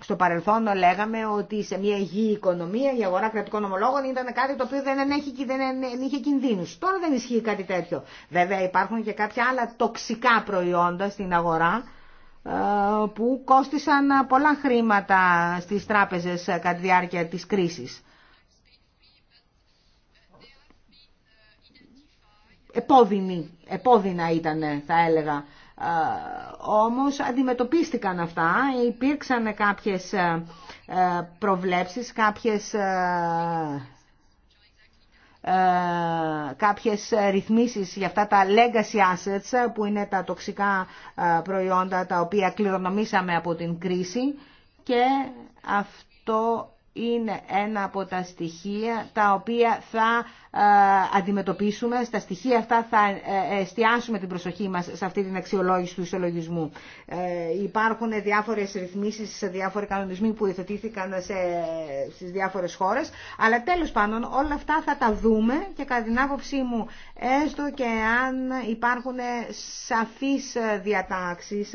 στο παρελθόν λέγαμε ότι σε μια υγιή οικονομία η αγορά κρατικών ομολόγων ήταν κάτι το οποίο δεν, ενέχει, δεν είχε κινδύνους. Τώρα δεν ισχύει κάτι τέτοιο. Βέβαια υπάρχουν και κάποια άλλα τοξικά προϊόντα στην αγορά ε, που κόστησαν πολλά χρήματα στις τράπεζες ε, κατά τη διάρκεια της κρίσης. Επόδυνη, επόδυνα ήταν θα έλεγα ε, όμως αντιμετωπίστηκαν αυτά, υπήρξαν κάποιες ε, ε, προβλέψεις, κάποιες, κάποιες ρυθμίσεις για αυτά τα legacy assets που είναι τα τοξικά προϊόντα τα οποία κληρονομήσαμε από την κρίση και αυτό είναι ένα από τα στοιχεία τα οποία θα ε, αντιμετωπίσουμε. Στα στοιχεία αυτά θα ε, εστιάσουμε την προσοχή μας σε αυτή την αξιολόγηση του ισολογισμού. Ε, υπάρχουν διάφορες ρυθμίσεις, σε διάφοροι κανονισμοί που υιοθετήθηκαν σε, στις διάφορες χώρες, αλλά τέλος πάντων όλα αυτά θα τα δούμε και κατά την άποψή μου έστω και αν υπάρχουν σαφείς διατάξεις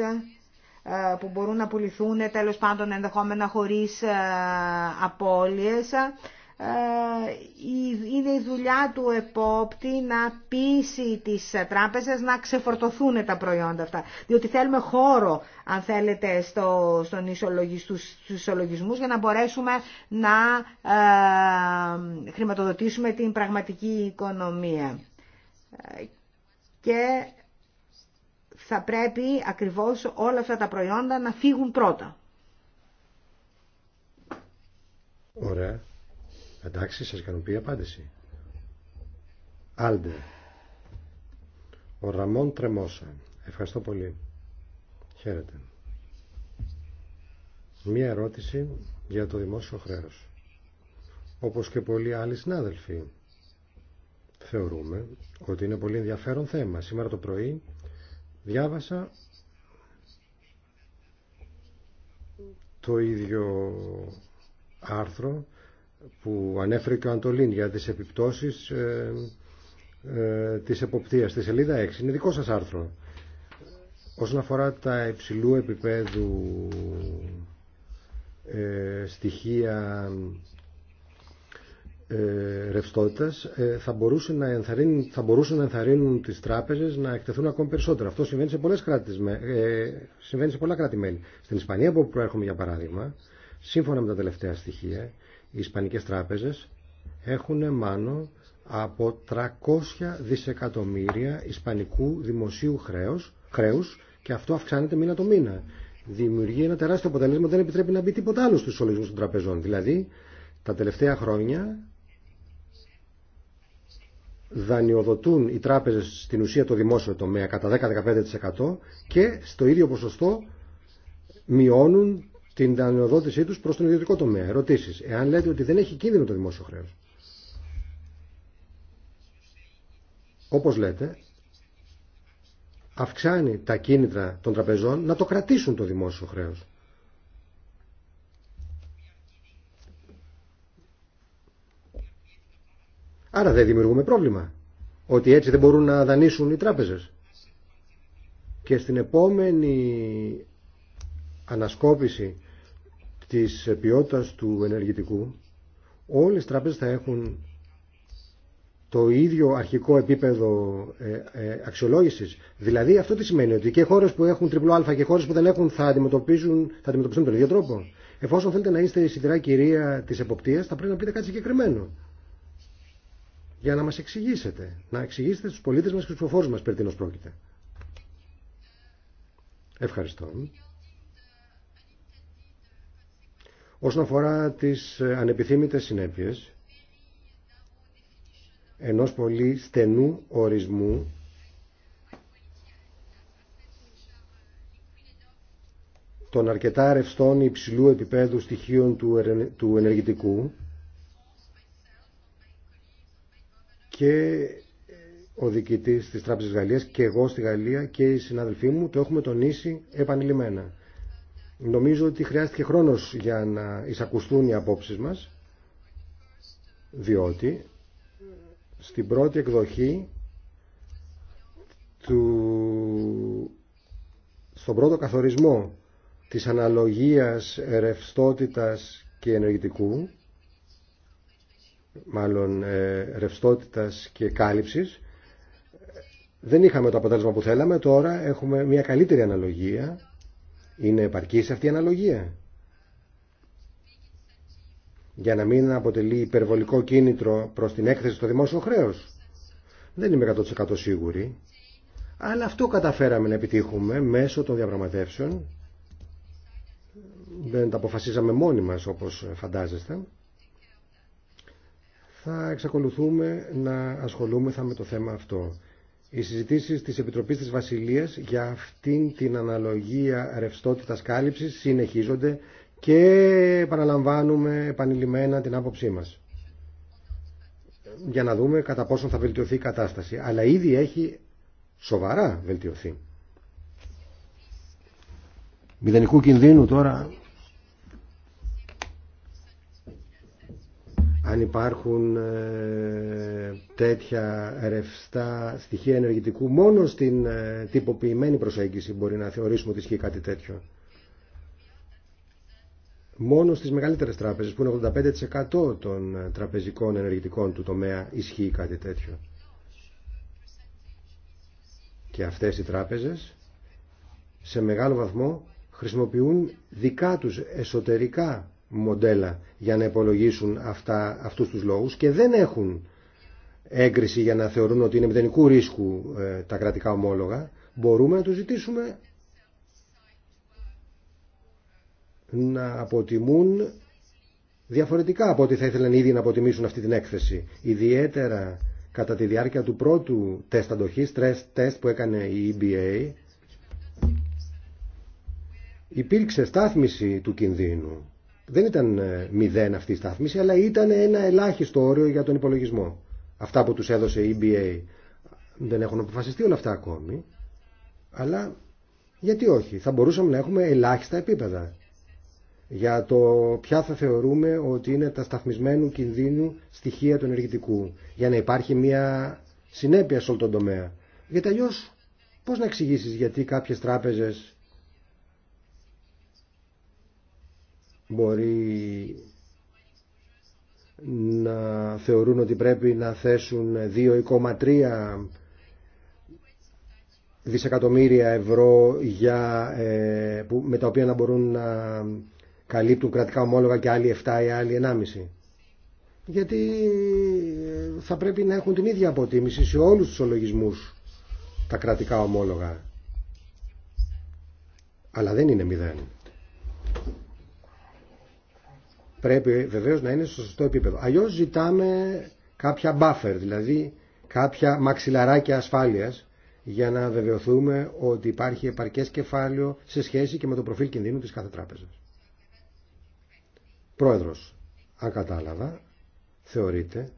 ε, που μπορούν να πουληθούν τέλος πάντων ενδεχόμενα χωρίς ε, απώλειες. Ε, είναι η δουλειά του επόπτη να πείσει τις τράπεζες να ξεφορτωθούν τα προϊόντα αυτά. Διότι θέλουμε χώρο, αν θέλετε, στο, στον στους ισολογισμούς για να μπορέσουμε να χρηματοδοτήσουμε την πραγματική οικονομία. Και θα πρέπει ακριβώς όλα αυτά τα προϊόντα να φύγουν πρώτα. Ωραία. Εντάξει, σας ικανοποιεί η απάντηση. Άλντε. Ο Ραμόν Τρεμόσα. Ευχαριστώ πολύ. Χαίρετε. Μία ερώτηση για το δημόσιο χρέος. Όπως και πολλοί άλλοι συνάδελφοι, θεωρούμε ότι είναι πολύ ενδιαφέρον θέμα. Σήμερα το πρωί Διάβασα το ίδιο άρθρο που ανέφερε και ο Αντολίν για τις επιπτώσεις ε, ε, της εποπτείας. Στη σελίδα 6 είναι δικό σας άρθρο. Όσον αφορά τα υψηλού επίπεδου ε, στοιχεία ε, ρευστότητας ε, θα, θα μπορούσαν να ενθαρρύνουν τις τράπεζες να εκτεθούν ακόμη περισσότερο. Αυτό συμβαίνει σε, πολλές ε, σε πολλά κράτη-μέλη. Στην Ισπανία που προέρχομαι για παράδειγμα, σύμφωνα με τα τελευταία στοιχεία, οι ισπανικές τράπεζες έχουν μάνο από 300 δισεκατομμύρια ισπανικού δημοσίου χρέους, και αυτό αυξάνεται μήνα το μήνα. Δημιουργεί ένα τεράστιο αποτέλεσμα, δεν επιτρέπει να μπει τίποτα άλλο στους ισολογισμούς των τραπεζών. Δηλαδή, τα τελευταία χρόνια δανειοδοτούν οι τράπεζες στην ουσία το δημόσιο τομέα κατά 10-15% και στο ίδιο ποσοστό μειώνουν την δανειοδότησή τους προς τον ιδιωτικό τομέα. Ερωτήσεις. Εάν λέτε ότι δεν έχει κίνδυνο το δημόσιο χρέο. Όπως λέτε, αυξάνει τα κίνητρα των τραπεζών να το κρατήσουν το δημόσιο χρέος. Άρα δεν δημιουργούμε πρόβλημα. Ότι έτσι δεν μπορούν να δανείσουν οι τράπεζες. Και στην επόμενη ανασκόπηση της ποιότητας του ενεργητικού όλες οι τράπεζες θα έχουν το ίδιο αρχικό επίπεδο ε, ε, αξιολόγησης. Δηλαδή αυτό τι σημαίνει ότι και χώρες που έχουν τριπλό α και χώρες που δεν έχουν θα αντιμετωπίζουν, θα αντιμετωπίσουν τον ίδιο τρόπο. Εφόσον θέλετε να είστε η σιδηρά κυρία της εποπτείας θα πρέπει να πείτε κάτι συγκεκριμένο για να μας εξηγήσετε, να εξηγήσετε στους πολίτες μας και στους ψηφοφόρους μας περί πρόκειται. Ευχαριστώ. Όσον αφορά τις ε, ανεπιθύμητες συνέπειες ενός πολύ στενού ορισμού των αρκετά ρευστών υψηλού επίπεδου στοιχείων του ενεργητικού και ε, ο διοικητή της Τράπεζα Γαλλίας και εγώ στη Γαλλία και οι συναδελφοί μου το έχουμε τονίσει επανειλημμένα. Νομίζω ότι χρειάστηκε χρόνος για να εισακουστούν οι απόψει μας διότι στην πρώτη εκδοχή του, στον πρώτο καθορισμό της αναλογίας ρευστότητας και ενεργητικού μάλλον ε, ρευστότητας και κάλυψης. Δεν είχαμε το αποτέλεσμα που θέλαμε, τώρα έχουμε μια καλύτερη αναλογία. Είναι επαρκής αυτή η αναλογία. Για να μην αποτελεί υπερβολικό κίνητρο προς την έκθεση στο δημόσιο χρέος. Δεν είμαι 100% σίγουρη. Αλλά αυτό καταφέραμε να επιτύχουμε μέσω των διαπραγματεύσεων. Δεν τα αποφασίζαμε μόνοι μας όπως φαντάζεστε θα εξακολουθούμε να ασχολούμεθα με το θέμα αυτό. Οι συζητήσεις της Επιτροπής της Βασιλείας για αυτήν την αναλογία ρευστότητας κάλυψης συνεχίζονται και επαναλαμβάνουμε επανειλημμένα την άποψή μας για να δούμε κατά πόσο θα βελτιωθεί η κατάσταση. Αλλά ήδη έχει σοβαρά βελτιωθεί. Μηδενικού κινδύνου τώρα αν υπάρχουν ε, τέτοια ρευστά στοιχεία ενεργητικού. Μόνο στην ε, τυποποιημένη προσέγγιση μπορεί να θεωρήσουμε ότι ισχύει κάτι τέτοιο. Μόνο στις μεγαλύτερες τράπεζες που είναι 85% των ε, τραπεζικών ενεργητικών του τομέα ισχύει κάτι τέτοιο. Και αυτές οι τράπεζες σε μεγάλο βαθμό χρησιμοποιούν δικά τους εσωτερικά μοντέλα για να υπολογίσουν αυτά, αυτούς τους λόγους και δεν έχουν έγκριση για να θεωρούν ότι είναι μηδενικού ρίσκου ε, τα κρατικά ομόλογα, μπορούμε να τους ζητήσουμε να αποτιμούν διαφορετικά από ό,τι θα ήθελαν ήδη να αποτιμήσουν αυτή την έκθεση. Ιδιαίτερα κατά τη διάρκεια του πρώτου τεστ αντοχής, test που έκανε η EBA, υπήρξε στάθμιση του κινδύνου δεν ήταν ε, μηδέν αυτή η στάθμιση, αλλά ήταν ένα ελάχιστο όριο για τον υπολογισμό. Αυτά που τους έδωσε η EBA δεν έχουν αποφασιστεί όλα αυτά ακόμη, αλλά γιατί όχι, θα μπορούσαμε να έχουμε ελάχιστα επίπεδα για το ποια θα θεωρούμε ότι είναι τα σταθμισμένου κινδύνου στοιχεία του ενεργητικού, για να υπάρχει μια συνέπεια σε όλο τον τομέα. Γιατί αλλιώ πώς να εξηγήσει γιατί κάποιες τράπεζες μπορεί να θεωρούν ότι πρέπει να θέσουν 2,3 δισεκατομμύρια ευρώ για, ε, με τα οποία να μπορούν να καλύπτουν κρατικά ομόλογα και άλλοι 7 ή άλλοι 1,5. Γιατί ε, θα πρέπει να έχουν την ίδια αποτίμηση σε όλους τους ολογισμούς τα κρατικά ομόλογα. Αλλά δεν είναι μηδέν πρέπει βεβαίως να είναι στο σωστό επίπεδο. Αλλιώς ζητάμε κάποια buffer, δηλαδή κάποια μαξιλαράκια ασφάλειας για να βεβαιωθούμε ότι υπάρχει επαρκές κεφάλαιο σε σχέση και με το προφίλ κινδύνου της κάθε τράπεζας. Πρόεδρος, αν κατάλαβα, θεωρείται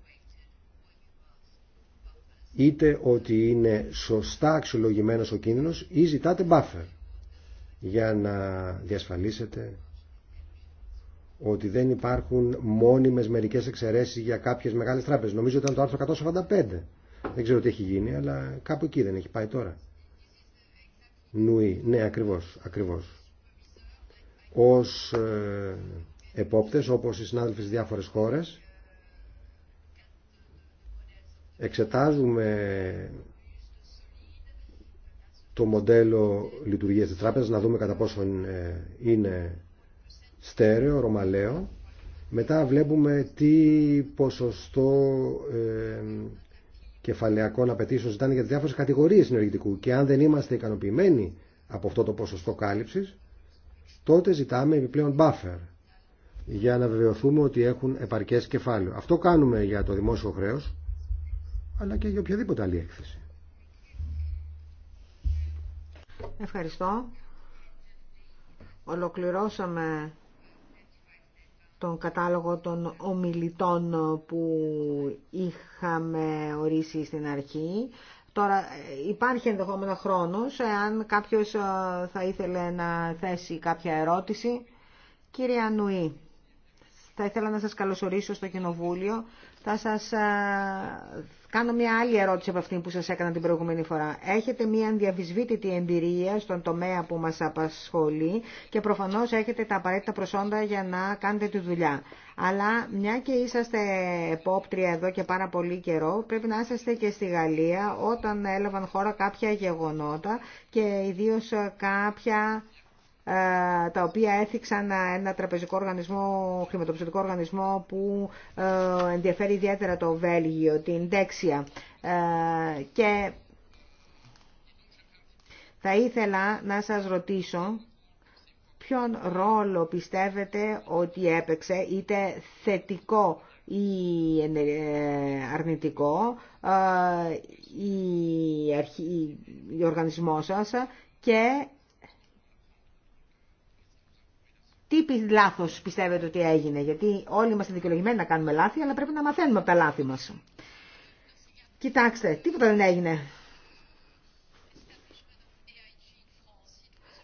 είτε ότι είναι σωστά αξιολογημένος ο κίνδυνος ή ζητάτε buffer για να διασφαλίσετε ότι δεν υπάρχουν μόνιμες μερικές εξαιρέσεις για κάποιες μεγάλες τράπεζες. Νομίζω ήταν το άρθρο 145. Δεν ξέρω τι έχει γίνει, αλλά κάπου εκεί δεν έχει πάει τώρα. Νουή, ναι, ακριβώς, ακριβώς. Ως ε, επόπτες, όπως οι συνάδελφοι στις διάφορες χώρες, εξετάζουμε το μοντέλο λειτουργίας της τράπεζας, να δούμε κατά πόσο ε, είναι στέρεο, ρωμαλαίο. Μετά βλέπουμε τι ποσοστό ε, κεφαλαιακών απαιτήσεων ζητάνε για τις διάφορες κατηγορίες συνεργητικού και αν δεν είμαστε ικανοποιημένοι από αυτό το ποσοστό κάλυψης, τότε ζητάμε επιπλέον buffer για να βεβαιωθούμε ότι έχουν επαρκές κεφάλαιο. Αυτό κάνουμε για το δημόσιο χρέος, αλλά και για οποιαδήποτε άλλη έκθεση. Ευχαριστώ. Ολοκληρώσαμε τον κατάλογο των ομιλητών που είχαμε ορίσει στην αρχή. Τώρα υπάρχει ενδεχόμενο χρόνος, εάν κάποιος ε, θα ήθελε να θέσει κάποια ερώτηση. Κύριε Ανουή, θα ήθελα να σας καλωσορίσω στο Κοινοβούλιο. Θα σας κάνω μια άλλη ερώτηση από αυτή που σας έκανα την προηγούμενη φορά. Έχετε μια ανδιαβισβήτητη εμπειρία στον τομέα που μας απασχολεί και προφανώς έχετε τα απαραίτητα προσόντα για να κάνετε τη δουλειά. Αλλά μια και είσαστε επόπτρια εδώ και πάρα πολύ καιρό, πρέπει να είσαστε και στη Γαλλία όταν έλαβαν χώρα κάποια γεγονότα και ιδίως κάποια ε, τα οποία έθιξαν ένα τραπεζικό οργανισμό, χρηματοπιστωτικό οργανισμό που ε, ενδιαφέρει ιδιαίτερα το Βέλγιο, την Δέξια. Ε, και θα ήθελα να σας ρωτήσω ποιον ρόλο πιστεύετε ότι έπαιξε, είτε θετικό ή αρνητικό, η, αρχή, η η οργανισμο σας και Τι λάθο πιστεύετε ότι έγινε, γιατί όλοι είμαστε δικαιολογημένοι να κάνουμε λάθη, αλλά πρέπει να μαθαίνουμε από τα λάθη μας. Κοιτάξτε, τίποτα δεν έγινε.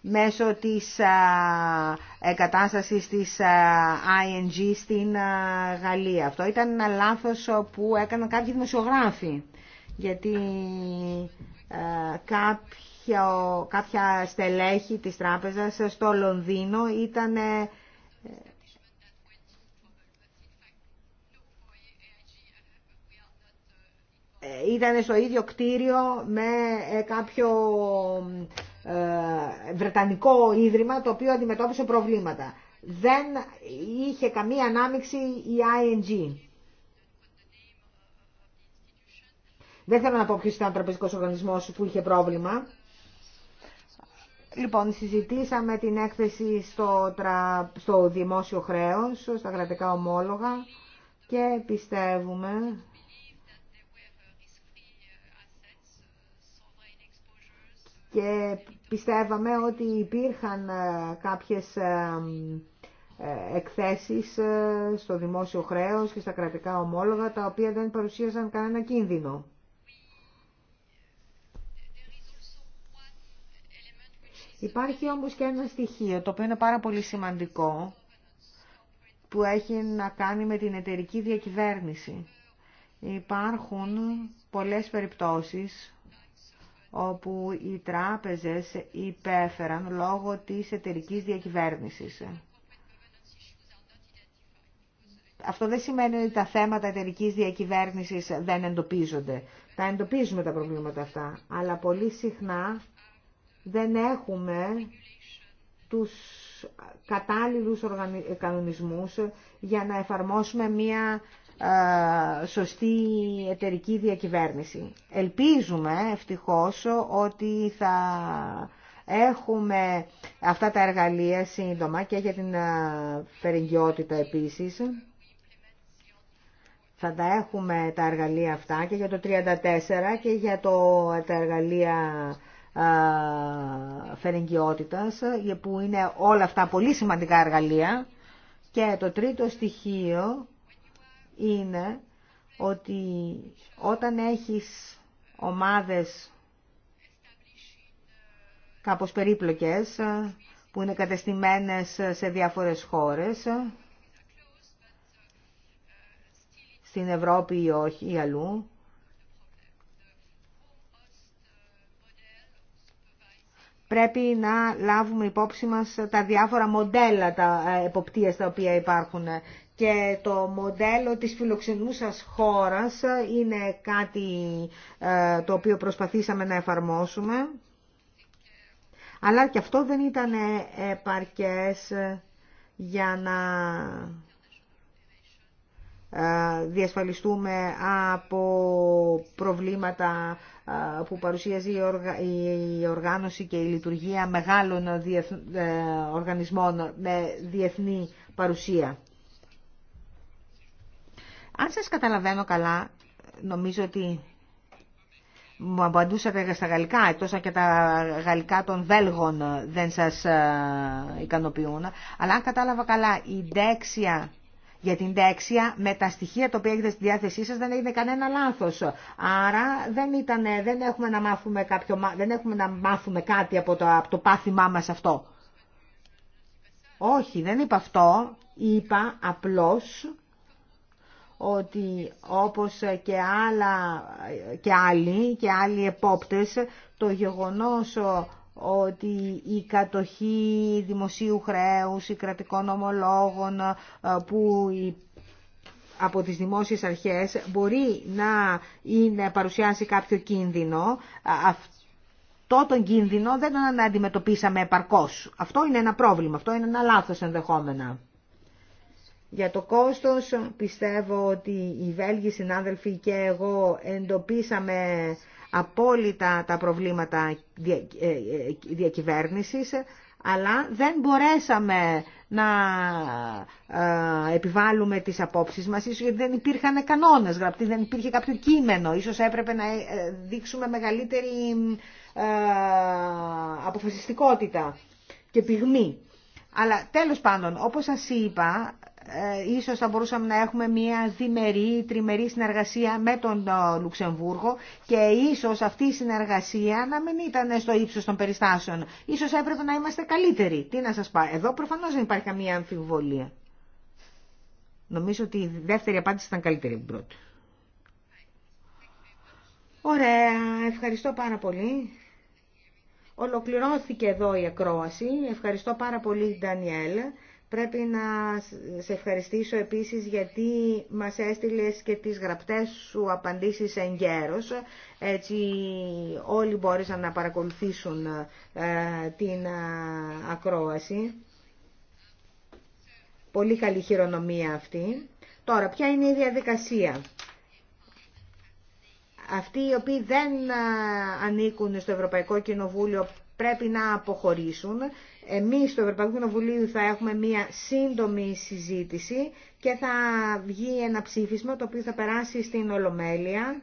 μέσω της εγκατάστασης της ING στην Γαλλία. Αυτό ήταν ένα λάθος που έκαναν κάποιοι δημοσιογράφοι, γιατί κάποιοι κάποια στελέχη της τράπεζας στο Λονδίνο ήταν ε, ε, ήταν στο ίδιο κτίριο με ε, κάποιο βρετανικό ίδρυμα το οποίο αντιμετώπισε προβλήματα. Δεν είχε καμία ανάμειξη η ING. Δεν θέλω να πω ποιος ήταν ο τραπεζικός οργανισμός που είχε πρόβλημα. Λοιπόν, συζητήσαμε την έκθεση στο, δημόσιο χρέος, στα κρατικά ομόλογα και πιστεύουμε και πιστεύαμε ότι υπήρχαν ε, κάποιες ε, ε, εκθέσεις στο δημόσιο χρέος και στα κρατικά ομόλογα τα οποία δεν παρουσίαζαν κανένα κίνδυνο. Υπάρχει όμως και ένα στοιχείο το οποίο είναι πάρα πολύ σημαντικό που έχει να κάνει με την εταιρική διακυβέρνηση. Υπάρχουν πολλές περιπτώσεις όπου οι τράπεζες υπέφεραν λόγω της εταιρικής διακυβέρνησης. Αυτό δεν σημαίνει ότι τα θέματα εταιρικής διακυβέρνησης δεν εντοπίζονται. Τα εντοπίζουμε τα προβλήματα αυτά, αλλά πολύ συχνά δεν έχουμε τους κατάλληλους κανονισμούς για να εφαρμόσουμε μία σωστή εταιρική διακυβέρνηση. Ελπίζουμε ευτυχώς ότι θα έχουμε αυτά τα εργαλεία σύντομα και για την φερεγγιότητα επίσης. Θα τα έχουμε τα εργαλεία αυτά και για το 34 και για το, τα εργαλεία φερεγγιότητας, ε, που είναι όλα αυτά πολύ σημαντικά εργαλεία. Και το τρίτο στοιχείο είναι ότι όταν έχεις ομάδες κάπως περίπλοκες, ε, που είναι κατεστημένες σε διάφορες χώρες, ε, στην Ευρώπη ή όχι ή αλλού, πρέπει να λάβουμε υπόψη μας τα διάφορα μοντέλα τα ε, εποπτείας τα οποία υπάρχουν και το μοντέλο της φιλοξενούσας χώρας είναι κάτι ε, το οποίο προσπαθήσαμε να εφαρμόσουμε αλλά και αυτό δεν ήταν επαρκές για να ε, διασφαλιστούμε από προβλήματα που παρουσίαζει η οργάνωση και η λειτουργία μεγάλων ε, οργανισμών με διεθνή παρουσία. Αν σας καταλαβαίνω καλά, νομίζω ότι μου απαντούσατε στα γαλλικά, εκτός και τα γαλλικά των Βέλγων δεν σας ε, ικανοποιούν. Αλλά αν κατάλαβα καλά, η δέξια για την τέξια με τα στοιχεία τα οποία έχετε στη διάθεσή σας δεν έγινε κανένα λάθος. Άρα δεν, δεν, έχουμε, να μάθουμε δεν έχουμε να μάθουμε κάτι από το, από το πάθημά μας αυτό. Όχι, δεν είπα αυτό. Είπα απλώς ότι όπως και, και άλλοι και άλλοι επόπτες το γεγονός ότι η κατοχή δημοσίου χρέους, οι κρατικών ομολόγων ε, που από τις δημόσιες αρχές μπορεί να είναι, παρουσιάσει κάποιο κίνδυνο. Ε, αυτό τον κίνδυνο δεν τον αντιμετωπίσαμε επαρκώς. Αυτό είναι ένα πρόβλημα, αυτό είναι ένα λάθος ενδεχόμενα. Για το κόστος πιστεύω ότι οι Βέλγοι συνάδελφοι και εγώ εντοπίσαμε απόλυτα τα προβλήματα ε, ε, διακυβέρνησης, αλλά δεν μπορέσαμε να ε, επιβάλλουμε τις απόψεις μας, ίσως γιατί δεν υπήρχαν κανόνες γραπτοί, δεν υπήρχε κάποιο κείμενο, ίσως έπρεπε να δείξουμε μεγαλύτερη αποφασιστικότητα και πυγμή. Αλλά τέλος πάντων, όπως σας είπα, ε, ίσως θα μπορούσαμε να έχουμε μια διμερή, τριμερή συνεργασία με τον ε, Λουξεμβούργο και ίσως αυτή η συνεργασία να μην ήταν στο ύψος των περιστάσεων. Ίσως έπρεπε να είμαστε καλύτεροι. Τι να σας πω. Εδώ προφανώς δεν υπάρχει καμία αμφιβολία. Νομίζω ότι η δεύτερη απάντηση ήταν καλύτερη από την πρώτη. Ωραία, ευχαριστώ πάρα πολύ. Ολοκληρώθηκε εδώ η ακρόαση. Ευχαριστώ πάρα πολύ, Ντανιέλ. Πρέπει να σε ευχαριστήσω επίσης γιατί μας έστειλες και τις γραπτές σου απαντήσεις εν γέρος. Έτσι όλοι μπόρεσαν να παρακολουθήσουν ε, την ε, ακρόαση. Πολύ καλή χειρονομία αυτή. Τώρα, ποια είναι η διαδικασία. Αυτοί οι οποίοι δεν ε, ανήκουν στο Ευρωπαϊκό Κοινοβούλιο πρέπει να αποχωρήσουν. Εμείς στο Ευρωπαϊκό Κοινοβουλίο θα έχουμε μία σύντομη συζήτηση και θα βγει ένα ψήφισμα το οποίο θα περάσει στην Ολομέλεια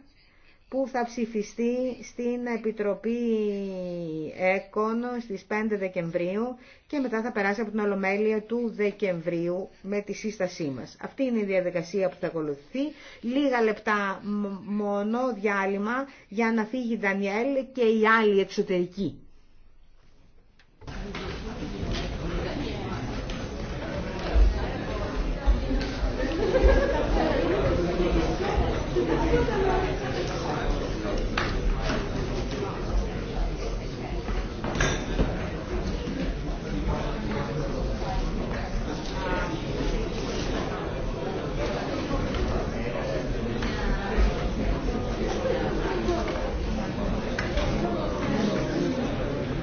που θα ψηφιστεί στην Επιτροπή ΕΚΟΝ στις 5 Δεκεμβρίου και μετά θα περάσει από την Ολομέλεια του Δεκεμβρίου με τη σύστασή μας. Αυτή είναι η διαδικασία που θα ακολουθεί. Λίγα λεπτά μόνο διάλειμμα για να φύγει η Δανιέλ και οι άλλοι εξωτερικοί. Thank you.